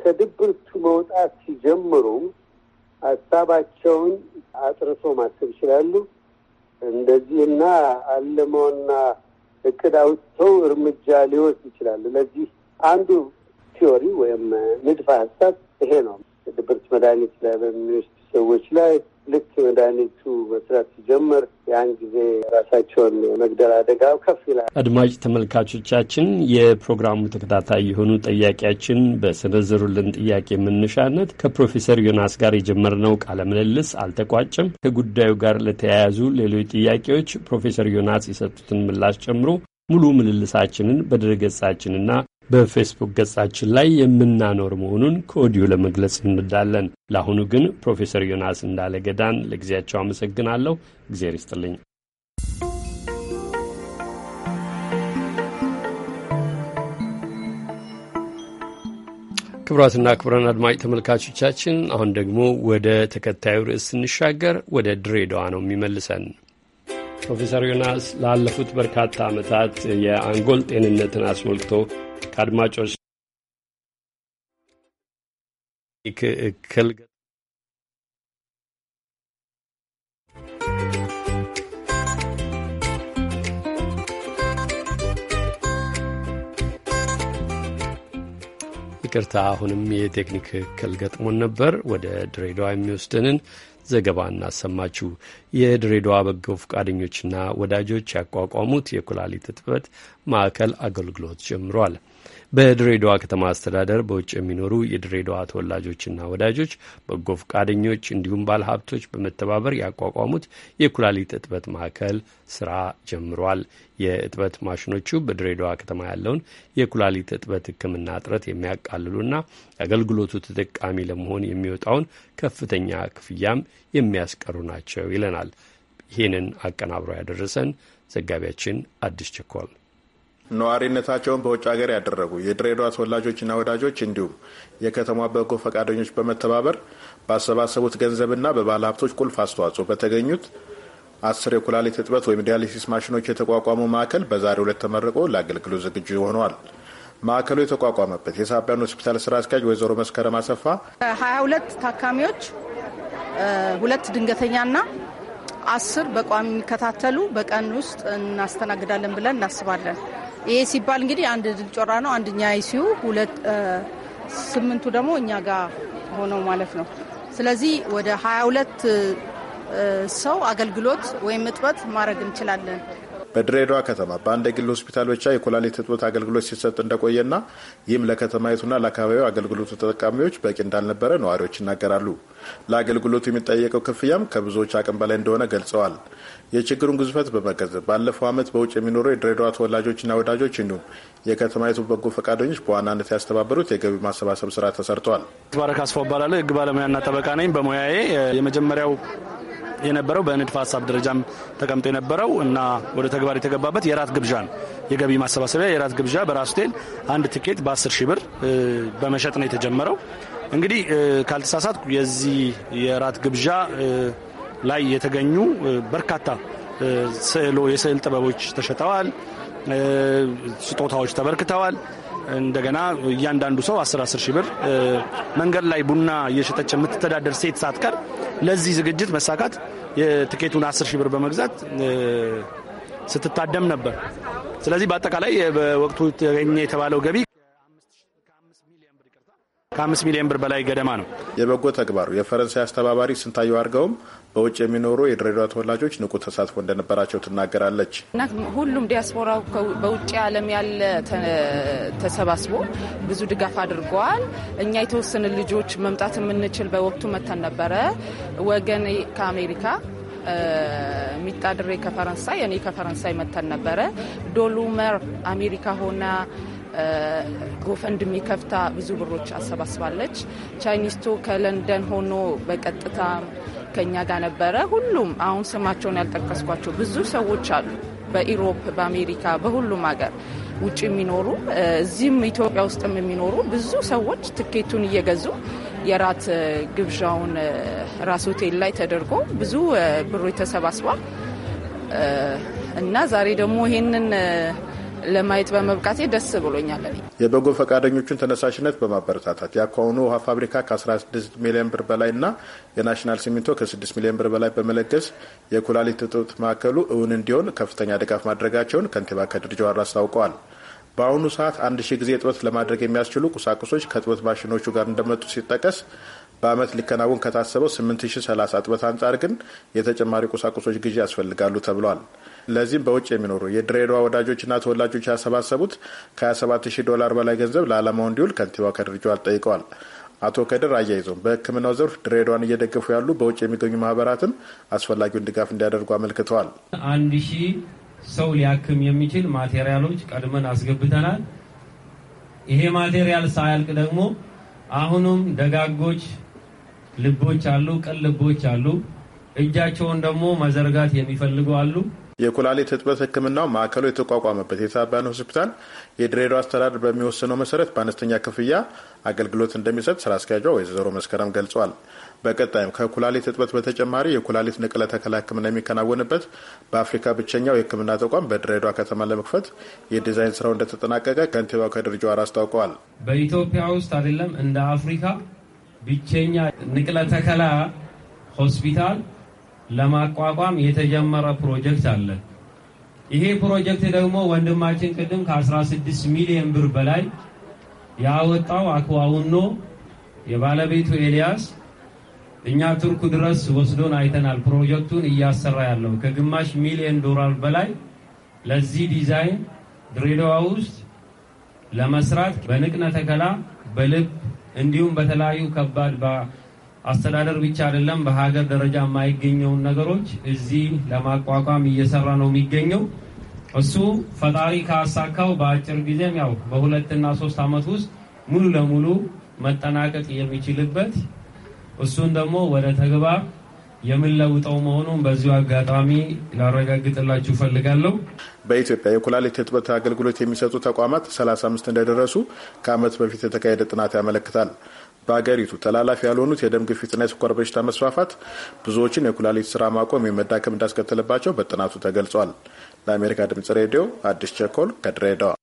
ከድብርቱ መውጣት ሲጀምሩ ሀሳባቸውን አጥርቶ ማሰብ ይችላሉ። እንደዚህና አልመውና እቅድ አውጥተው እርምጃ ሊወስድ ይችላሉ። ለዚህ አንዱ ቲዮሪ ወይም ንድፈ ሀሳብ ይሄ ነው። ድብርት መድኃኒት ላይ በሚወስዱ ሰዎች ላይ ልክ መድኃኒቱ መስራት ሲጀምር ያን ጊዜ ራሳቸውን መግደል አደጋ ከፍ ይላል። አድማጭ ተመልካቾቻችን፣ የፕሮግራሙ ተከታታይ የሆኑ ጠያቂያችን በሰነዘሩልን ጥያቄ መነሻነት ከፕሮፌሰር ዮናስ ጋር የጀመርነው ቃለ ምልልስ አልተቋጨም። ከጉዳዩ ጋር ለተያያዙ ሌሎች ጥያቄዎች ፕሮፌሰር ዮናስ የሰጡትን ምላሽ ጨምሮ ሙሉ ምልልሳችንን በድረገጻችንና በፌስቡክ ገጻችን ላይ የምናኖር መሆኑን ከወዲሁ ለመግለጽ እንወዳለን። ለአሁኑ ግን ፕሮፌሰር ዮናስ እንዳለ ገዳን ለጊዜያቸው አመሰግናለሁ። እግዜር ይስጥልኝ። ክቡራትና ክቡራን አድማጭ ተመልካቾቻችን አሁን ደግሞ ወደ ተከታዩ ርዕስ ስንሻገር ወደ ድሬዳዋ ነው የሚመልሰን። ፕሮፌሰር ዮናስ ላለፉት በርካታ ዓመታት የአንጎል ጤንነትን አስመልክቶ ከአድማጮች ክል ይቅርታ፣ አሁንም የቴክኒክ እክል ገጥሞን ነበር። ወደ ድሬዳዋ የሚወስድንን ዘገባ እናሰማችሁ። የድሬዳዋ በጎ ፈቃደኞችና ወዳጆች ያቋቋሙት የኩላሊት እጥበት ማዕከል አገልግሎት ጀምሯል። በድሬዳዋ ከተማ አስተዳደር በውጭ የሚኖሩ የድሬዳዋ ተወላጆችና ወዳጆች፣ በጎ ፈቃደኞች እንዲሁም ባለሀብቶች በመተባበር ያቋቋሙት የኩላሊት እጥበት ማዕከል ስራ ጀምሯል። የእጥበት ማሽኖቹ በድሬዳዋ ከተማ ያለውን የኩላሊት እጥበት ሕክምና እጥረት የሚያቃልሉና የአገልግሎቱ ተጠቃሚ ለመሆን የሚወጣውን ከፍተኛ ክፍያም የሚያስቀሩ ናቸው ይለናል። ይህንን አቀናብሮ ያደረሰን ዘጋቢያችን አዲስ ቸኮል ነዋሪነታቸውን በውጭ ሀገር ያደረጉ የድሬዳዋ ተወላጆችና ወዳጆች እንዲሁም የከተማ በጎ ፈቃደኞች በመተባበር ባሰባሰቡት ገንዘብና በባለ ሀብቶች ቁልፍ አስተዋጽኦ በተገኙት አስር የኩላሊት እጥበት ወይም ዲያሊሲስ ማሽኖች የተቋቋሙ ማዕከል በዛሬው ዕለት ተመርቆ ለአገልግሎት ዝግጁ ሆነዋል። ማዕከሉ የተቋቋመበት የሳቢያን ሆስፒታል ስራ አስኪያጅ ወይዘሮ መስከረም አሰፋ ሀያ ሁለት ታካሚዎች ሁለት ድንገተኛና አስር በቋሚ የሚከታተሉ በቀን ውስጥ እናስተናግዳለን ብለን እናስባለን። ይሄ ሲባል እንግዲህ አንድ ድልጮራ ነው፣ አንድኛ አይሲዩ፣ ሁለት ስምንቱ ደግሞ እኛ ጋር ሆነው ማለት ነው። ስለዚህ ወደ 22 ሰው አገልግሎት ወይም እጥበት ማድረግ እንችላለን። በድሬዳዋ ከተማ በአንድ የግል ሆስፒታል ብቻ የኩላሊት እጥበት አገልግሎት ሲሰጥ እንደቆየና ይህም ለከተማይቱና ለአካባቢው አገልግሎቱ ተጠቃሚዎች በቂ እንዳልነበረ ነዋሪዎች ይናገራሉ። ለአገልግሎቱ የሚጠየቀው ክፍያም ከብዙዎች አቅም በላይ እንደሆነ ገልጸዋል። የችግሩን ግዙፈት በመገንዘብ ባለፈው ዓመት በውጭ የሚኖሩ የድሬዳዋ ተወላጆችና ወዳጆች እንዲሁም የከተማይቱ በጎ ፈቃደኞች በዋናነት ያስተባበሩት የገቢ ማሰባሰብ ስራ ተሰርተዋል። ባረክ አስፋው እባላለሁ። የህግ ባለሙያና ጠበቃ ነኝ በሙያዬ የመጀመሪያው የነበረው በንድፈ ሀሳብ ደረጃም ተቀምጦ የነበረው እና ወደ ተግባር የተገባበት የራት ግብዣ ነው። የገቢ ማሰባሰቢያ የራት ግብዣ በራስ ሆቴል አንድ ትኬት በ10 ሺህ ብር በመሸጥ ነው የተጀመረው። እንግዲህ ካልተሳሳትኩ የዚህ የራት ግብዣ ላይ የተገኙ በርካታ ስዕሎ የስዕል ጥበቦች ተሸጠዋል። ስጦታዎች ተበርክተዋል። እንደገና እያንዳንዱ ሰው 10 10 ሺህ ብር መንገድ ላይ ቡና እየሸጠች የምትተዳደር ሴት ሳትቀር ለዚህ ዝግጅት መሳካት የትኬቱን 10 ሺህ ብር በመግዛት ስትታደም ነበር። ስለዚህ በአጠቃላይ በወቅቱ ተገኘ የተባለው ገቢ ከአምስት ሚሊዮን ብር በላይ ገደማ ነው። የበጎ ተግባሩ የፈረንሳይ አስተባባሪ ስንታየው አድርገውም በውጭ የሚኖሩ የድሬዳዋ ተወላጆች ንቁ ተሳትፎ እንደነበራቸው ትናገራለች። እና ሁሉም ዲያስፖራው በውጭ ዓለም ያለ ተሰባስቦ ብዙ ድጋፍ አድርገዋል። እኛ የተወሰነ ልጆች መምጣት የምንችል በወቅቱ መተን ነበረ። ወገን ከአሜሪካ ሚጣድሬ ከፈረንሳይ እኔ ከፈረንሳይ መተን ነበረ። ዶሉመር አሜሪካ ሆና ጎፈንድሚ ከፍታ ብዙ ብሮች አሰባስባለች። ቻይኒስቱ ከለንደን ሆኖ በቀጥታ ከኛ ጋር ነበረ። ሁሉም አሁን ስማቸውን ያልጠቀስኳቸው ብዙ ሰዎች አሉ። በኢሮፕ፣ በአሜሪካ፣ በሁሉም ሀገር ውጭ የሚኖሩ እዚህም ኢትዮጵያ ውስጥም የሚኖሩ ብዙ ሰዎች ትኬቱን እየገዙ የራት ግብዣውን ራስ ሆቴል ላይ ተደርጎ ብዙ ብሮች ተሰባስቧል እና ዛሬ ደግሞ ይሄንን ለማየት በመብቃቴ ደስ ብሎኛል። የበጎ ፈቃደኞቹን ተነሳሽነት በማበረታታት የአኳኋኑ ውሃ ፋብሪካ ከ16 ሚሊዮን ብር በላይ እና የናሽናል ሲሚንቶ ከ6 ሚሊዮን ብር በላይ በመለገስ የኩላሊት እጥበት ማዕከሉ እውን እንዲሆን ከፍተኛ ድጋፍ ማድረጋቸውን ከንቲባ ከድር ጀዋር አስታውቀዋል። በአሁኑ ሰዓት አንድ ሺህ ጊዜ እጥበት ለማድረግ የሚያስችሉ ቁሳቁሶች ከእጥበት ማሽኖቹ ጋር እንደመጡ ሲጠቀስ በአመት ሊከናወን ከታሰበው 8030 እጥበት አንጻር ግን የተጨማሪ ቁሳቁሶች ግዢ ያስፈልጋሉ ተብሏል። ለዚህም በውጭ የሚኖሩ የድሬዳዋ ወዳጆችና ተወላጆች ያሰባሰቡት ከ27 ሺህ ዶላር በላይ ገንዘብ ለዓላማው እንዲውል ከንቲባ ከድር ጠይቀዋል። አቶ ከድር አያይዘውም በሕክምናው ዘርፍ ድሬዳዋን እየደገፉ ያሉ በውጭ የሚገኙ ማህበራትም አስፈላጊውን ድጋፍ እንዲያደርጉ አመልክተዋል። አንድ ሺህ ሰው ሊያክም የሚችል ማቴሪያሎች ቀድመን አስገብተናል። ይሄ ማቴሪያል ሳያልቅ ደግሞ አሁኑም ደጋጎች ልቦች አሉ፣ ቅን ልቦች አሉ። እጃቸውን ደግሞ መዘርጋት የሚፈልጉ አሉ። የኩላሊት ህጥበት ህክምናው ማዕከሉ የተቋቋመበት የታባን ሆስፒታል የድሬዳዋ አስተዳደር በሚወስነው መሰረት በአነስተኛ ክፍያ አገልግሎት እንደሚሰጥ ስራ አስኪያጇ ወይዘሮ መስከረም ገልጿል። በቀጣይም ከኩላሊት እጥበት በተጨማሪ የኩላሊት ንቅለ ተከላ ህክምና የሚከናወንበት በአፍሪካ ብቸኛው የህክምና ተቋም በድሬዳዋ ከተማ ለመክፈት የዲዛይን ስራው እንደተጠናቀቀ ከንቲባው ከድር ጁሃር አስታውቀዋል። በኢትዮጵያ ውስጥ አይደለም እንደ አፍሪካ ብቸኛ ንቅለ ተከላ ሆስፒታል ለማቋቋም የተጀመረ ፕሮጀክት አለ። ይሄ ፕሮጀክት ደግሞ ወንድማችን ቅድም ከ16 ሚሊዮን ብር በላይ ያወጣው አክዋውኖ የባለቤቱ ኤልያስ እኛ ቱርኩ ድረስ ወስዶን አይተናል። ፕሮጀክቱን እያሰራ ያለው ከግማሽ ሚሊዮን ዶላር በላይ ለዚህ ዲዛይን ድሬዳዋ ውስጥ ለመስራት በንቅነ ተከላ በልብ እንዲሁም በተለያዩ ከባድ አስተዳደር ብቻ አይደለም፣ በሀገር ደረጃ የማይገኘውን ነገሮች እዚህ ለማቋቋም እየሰራ ነው የሚገኘው። እሱ ፈጣሪ ካሳካው በአጭር ጊዜም ያው በሁለትና ሶስት አመት ውስጥ ሙሉ ለሙሉ መጠናቀቅ የሚችልበት እሱን ደግሞ ወደ ተግባር የምንለውጠው መሆኑን በዚሁ አጋጣሚ ላረጋግጥላችሁ እፈልጋለሁ። በኢትዮጵያ የኩላሊት እጥበት አገልግሎት የሚሰጡ ተቋማት 35 እንደደረሱ ከአመት በፊት የተካሄደ ጥናት ያመለክታል። በሀገሪቱ ተላላፊ ያልሆኑት የደም ግፊትና የስኳር በሽታ መስፋፋት ብዙዎችን የኩላሊት ስራ ማቆም የመዳከም እንዳስከተለባቸው በጥናቱ ተገልጿል። ለአሜሪካ ድምጽ ሬዲዮ አዲስ ቸኮል ከድሬዳዋ።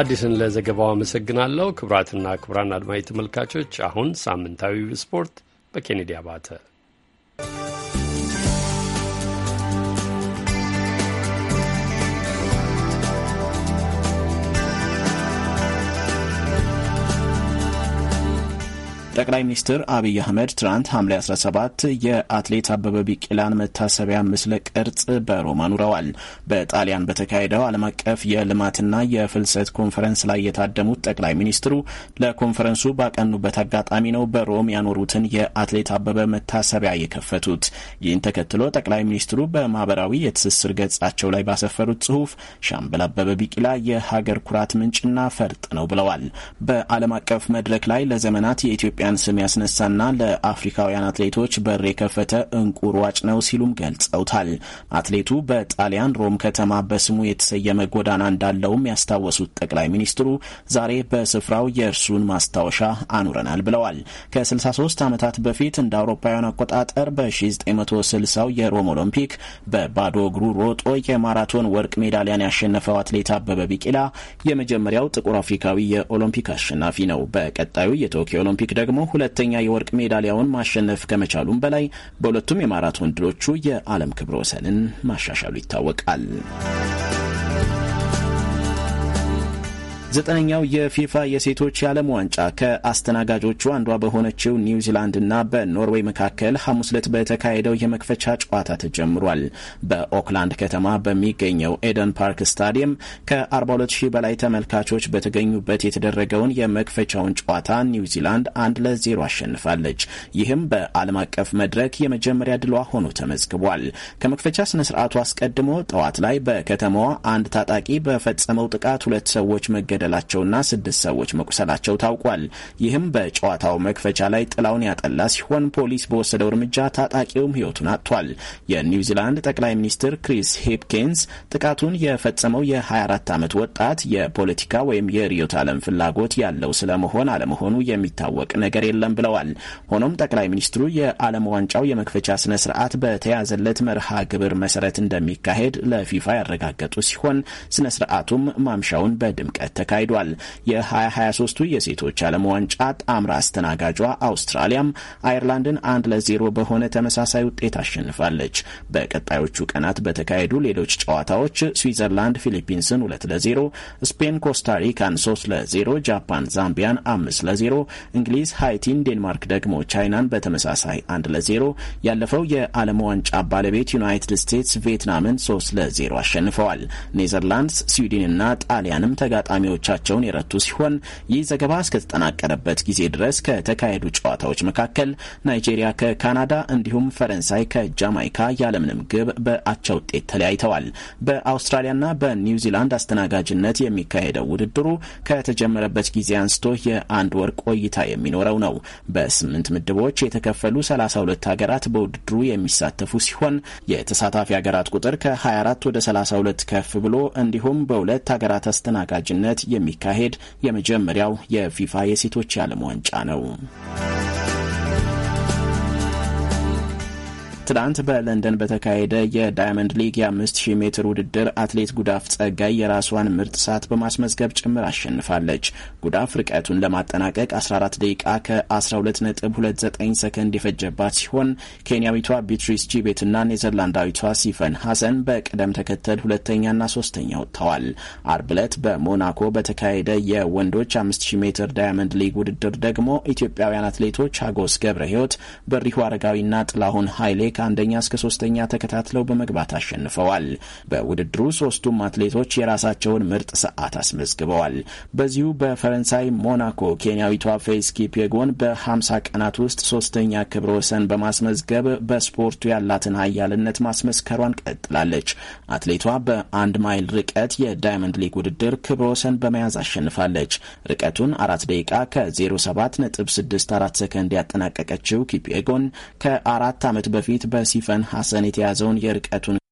አዲስን ለዘገባው አመሰግናለሁ። ክቡራትና ክቡራን አድማጭ ተመልካቾች አሁን ሳምንታዊ ስፖርት በኬኔዲ አባተ ጠቅላይ ሚኒስትር አብይ አህመድ ትናንት ሐምሌ 17 የአትሌት አበበ ቢቂላን መታሰቢያ ምስለ ቅርጽ በሮም ኑረዋል። በጣሊያን በተካሄደው ዓለም አቀፍ የልማትና የፍልሰት ኮንፈረንስ ላይ የታደሙት ጠቅላይ ሚኒስትሩ ለኮንፈረንሱ ባቀኑበት አጋጣሚ ነው በሮም ያኖሩትን የአትሌት አበበ መታሰቢያ የከፈቱት። ይህን ተከትሎ ጠቅላይ ሚኒስትሩ በማህበራዊ የትስስር ገጻቸው ላይ ባሰፈሩት ጽሁፍ ሻምበል አበበ ቢቂላ የሀገር ኩራት ምንጭና ፈርጥ ነው ብለዋል። በዓለም አቀፍ መድረክ ላይ ለዘመናት የኢትዮጵያ የኢትዮጵያን ስም ያስነሳና ለአፍሪካውያን አትሌቶች በር የከፈተ እንቁ ሯጭ ነው ሲሉም ገልጸውታል። አትሌቱ በጣሊያን ሮም ከተማ በስሙ የተሰየመ ጎዳና እንዳለውም ያስታወሱት ጠቅላይ ሚኒስትሩ ዛሬ በስፍራው የእርሱን ማስታወሻ አኑረናል ብለዋል። ከ63 ዓመታት በፊት እንደ አውሮፓውያን አቆጣጠር በ1960ው የሮም ኦሎምፒክ በባዶ እግሩ ሮጦ የማራቶን ወርቅ ሜዳሊያን ያሸነፈው አትሌት አበበ ቢቂላ የመጀመሪያው ጥቁር አፍሪካዊ የኦሎምፒክ አሸናፊ ነው። በቀጣዩ የቶኪዮ ኦሎምፒክ ደግሞ ደግሞ ሁለተኛ የወርቅ ሜዳሊያውን ማሸነፍ ከመቻሉም በላይ በሁለቱም የማራቶን ድሎቹ የዓለም ክብረ ወሰንን ማሻሻሉ ይታወቃል። ዘጠነኛው የፊፋ የሴቶች የዓለም ዋንጫ ከአስተናጋጆቹ አንዷ በሆነችው ኒውዚላንድና በኖርዌይ መካከል ሐሙስ ዕለት በተካሄደው የመክፈቻ ጨዋታ ተጀምሯል። በኦክላንድ ከተማ በሚገኘው ኤደን ፓርክ ስታዲየም ከ42 ሺህ በላይ ተመልካቾች በተገኙበት የተደረገውን የመክፈቻውን ጨዋታ ኒውዚላንድ አንድ ለዜሮ አሸንፋለች። ይህም በዓለም አቀፍ መድረክ የመጀመሪያ ድሏ ሆኖ ተመዝግቧል። ከመክፈቻ ስነ ስርዓቱ አስቀድሞ ጠዋት ላይ በከተማዋ አንድ ታጣቂ በፈጸመው ጥቃት ሁለት ሰዎች መገደ መገደላቸውና ስድስት ሰዎች መቁሰላቸው ታውቋል። ይህም በጨዋታው መክፈቻ ላይ ጥላውን ያጠላ ሲሆን ፖሊስ በወሰደው እርምጃ ታጣቂውም ሕይወቱን አጥቷል። የኒውዚላንድ ጠቅላይ ሚኒስትር ክሪስ ሄፕኪንስ ጥቃቱን የፈጸመው የ24 ዓመት ወጣት የፖለቲካ ወይም የርዕዮተ ዓለም ፍላጎት ያለው ስለመሆን አለመሆኑ የሚታወቅ ነገር የለም ብለዋል። ሆኖም ጠቅላይ ሚኒስትሩ የዓለም ዋንጫው የመክፈቻ ስነ ስርዓት በተያዘለት መርሃ ግብር መሰረት እንደሚካሄድ ለፊፋ ያረጋገጡ ሲሆን ስነ ስርዓቱም ማምሻውን በድምቀት ተከ ተካሂዷል። የ2023ቱ የሴቶች ዓለም ዋንጫ ጣምራ አስተናጋጇ አውስትራሊያም አየርላንድን አንድ ለዜሮ በሆነ ተመሳሳይ ውጤት አሸንፋለች። በቀጣዮቹ ቀናት በተካሄዱ ሌሎች ጨዋታዎች ስዊዘርላንድ ፊሊፒንስን ሁለት ለዜሮ፣ ስፔን ኮስታሪካን ሶስት ለዜሮ፣ ጃፓን ዛምቢያን አምስት ለዜሮ፣ እንግሊዝ ሃይቲን፣ ዴንማርክ ደግሞ ቻይናን በተመሳሳይ አንድ ለዜሮ፣ ያለፈው የዓለም ዋንጫ ባለቤት ዩናይትድ ስቴትስ ቪየትናምን ሶስት ለዜሮ አሸንፈዋል። ኔዘርላንድስ፣ ስዊድንና ጣሊያንም ተጋጣሚዎች ተጫዋቾቻቸውን የረቱ ሲሆን ይህ ዘገባ እስከተጠናቀረበት ጊዜ ድረስ ከተካሄዱ ጨዋታዎች መካከል ናይጄሪያ ከካናዳ እንዲሁም ፈረንሳይ ከጃማይካ ያለምንም ግብ በአቻ ውጤት ተለያይተዋል። በአውስትራሊያና በኒውዚላንድ አስተናጋጅነት የሚካሄደው ውድድሩ ከተጀመረበት ጊዜ አንስቶ የአንድ ወር ቆይታ የሚኖረው ነው። በስምንት ምድቦች የተከፈሉ 32 ሀገራት በውድድሩ የሚሳተፉ ሲሆን የተሳታፊ ሀገራት ቁጥር ከ24 ወደ 32 ከፍ ብሎ እንዲሁም በሁለት ሀገራት አስተናጋጅነት የሚካሄድ የመጀመሪያው የፊፋ የሴቶች የዓለም ዋንጫ ነው። ትናንት በለንደን በተካሄደ የዳያመንድ ሊግ የ5000 ሜትር ውድድር አትሌት ጉዳፍ ጸጋይ የራሷን ምርጥ ሰዓት በማስመዝገብ ጭምር አሸንፋለች። ጉዳፍ ርቀቱን ለማጠናቀቅ 14 ደቂቃ ከ12.29 ሰከንድ የፈጀባት ሲሆን ኬንያዊቷ ቢትሪስ ጂቤትና ኔዘርላንዳዊቷ ሲፈን ሐሰን በቅደም ተከተል ሁለተኛና ሶስተኛ ወጥተዋል። አርብ ዕለት በሞናኮ በተካሄደ የወንዶች 5000 ሜትር ዳያመንድ ሊግ ውድድር ደግሞ ኢትዮጵያውያን አትሌቶች ሀጎስ ገብረ ሕይወት፣ በሪሁ አረጋዊና ጥላሁን ኃይሌ ከአንደኛ እስከ ሶስተኛ ተከታትለው በመግባት አሸንፈዋል። በውድድሩ ሶስቱም አትሌቶች የራሳቸውን ምርጥ ሰዓት አስመዝግበዋል። በዚሁ በፈረንሳይ ሞናኮ ኬንያዊቷ ፌዝ ኪፒጎን በ50 ቀናት ውስጥ ሶስተኛ ክብረ ወሰን በማስመዝገብ በስፖርቱ ያላትን ኃያልነት ማስመስከሯን ቀጥላለች። አትሌቷ በአንድ ማይል ርቀት የዳይመንድ ሊግ ውድድር ክብረ ወሰን በመያዝ አሸንፋለች። ርቀቱን አራት ደቂቃ ከ07.64 ሰከንድ ያጠናቀቀችው ኪፒጎን ከአራት ዓመት በፊት በሲፈን ሐሰን የተያዘውን የርቀቱን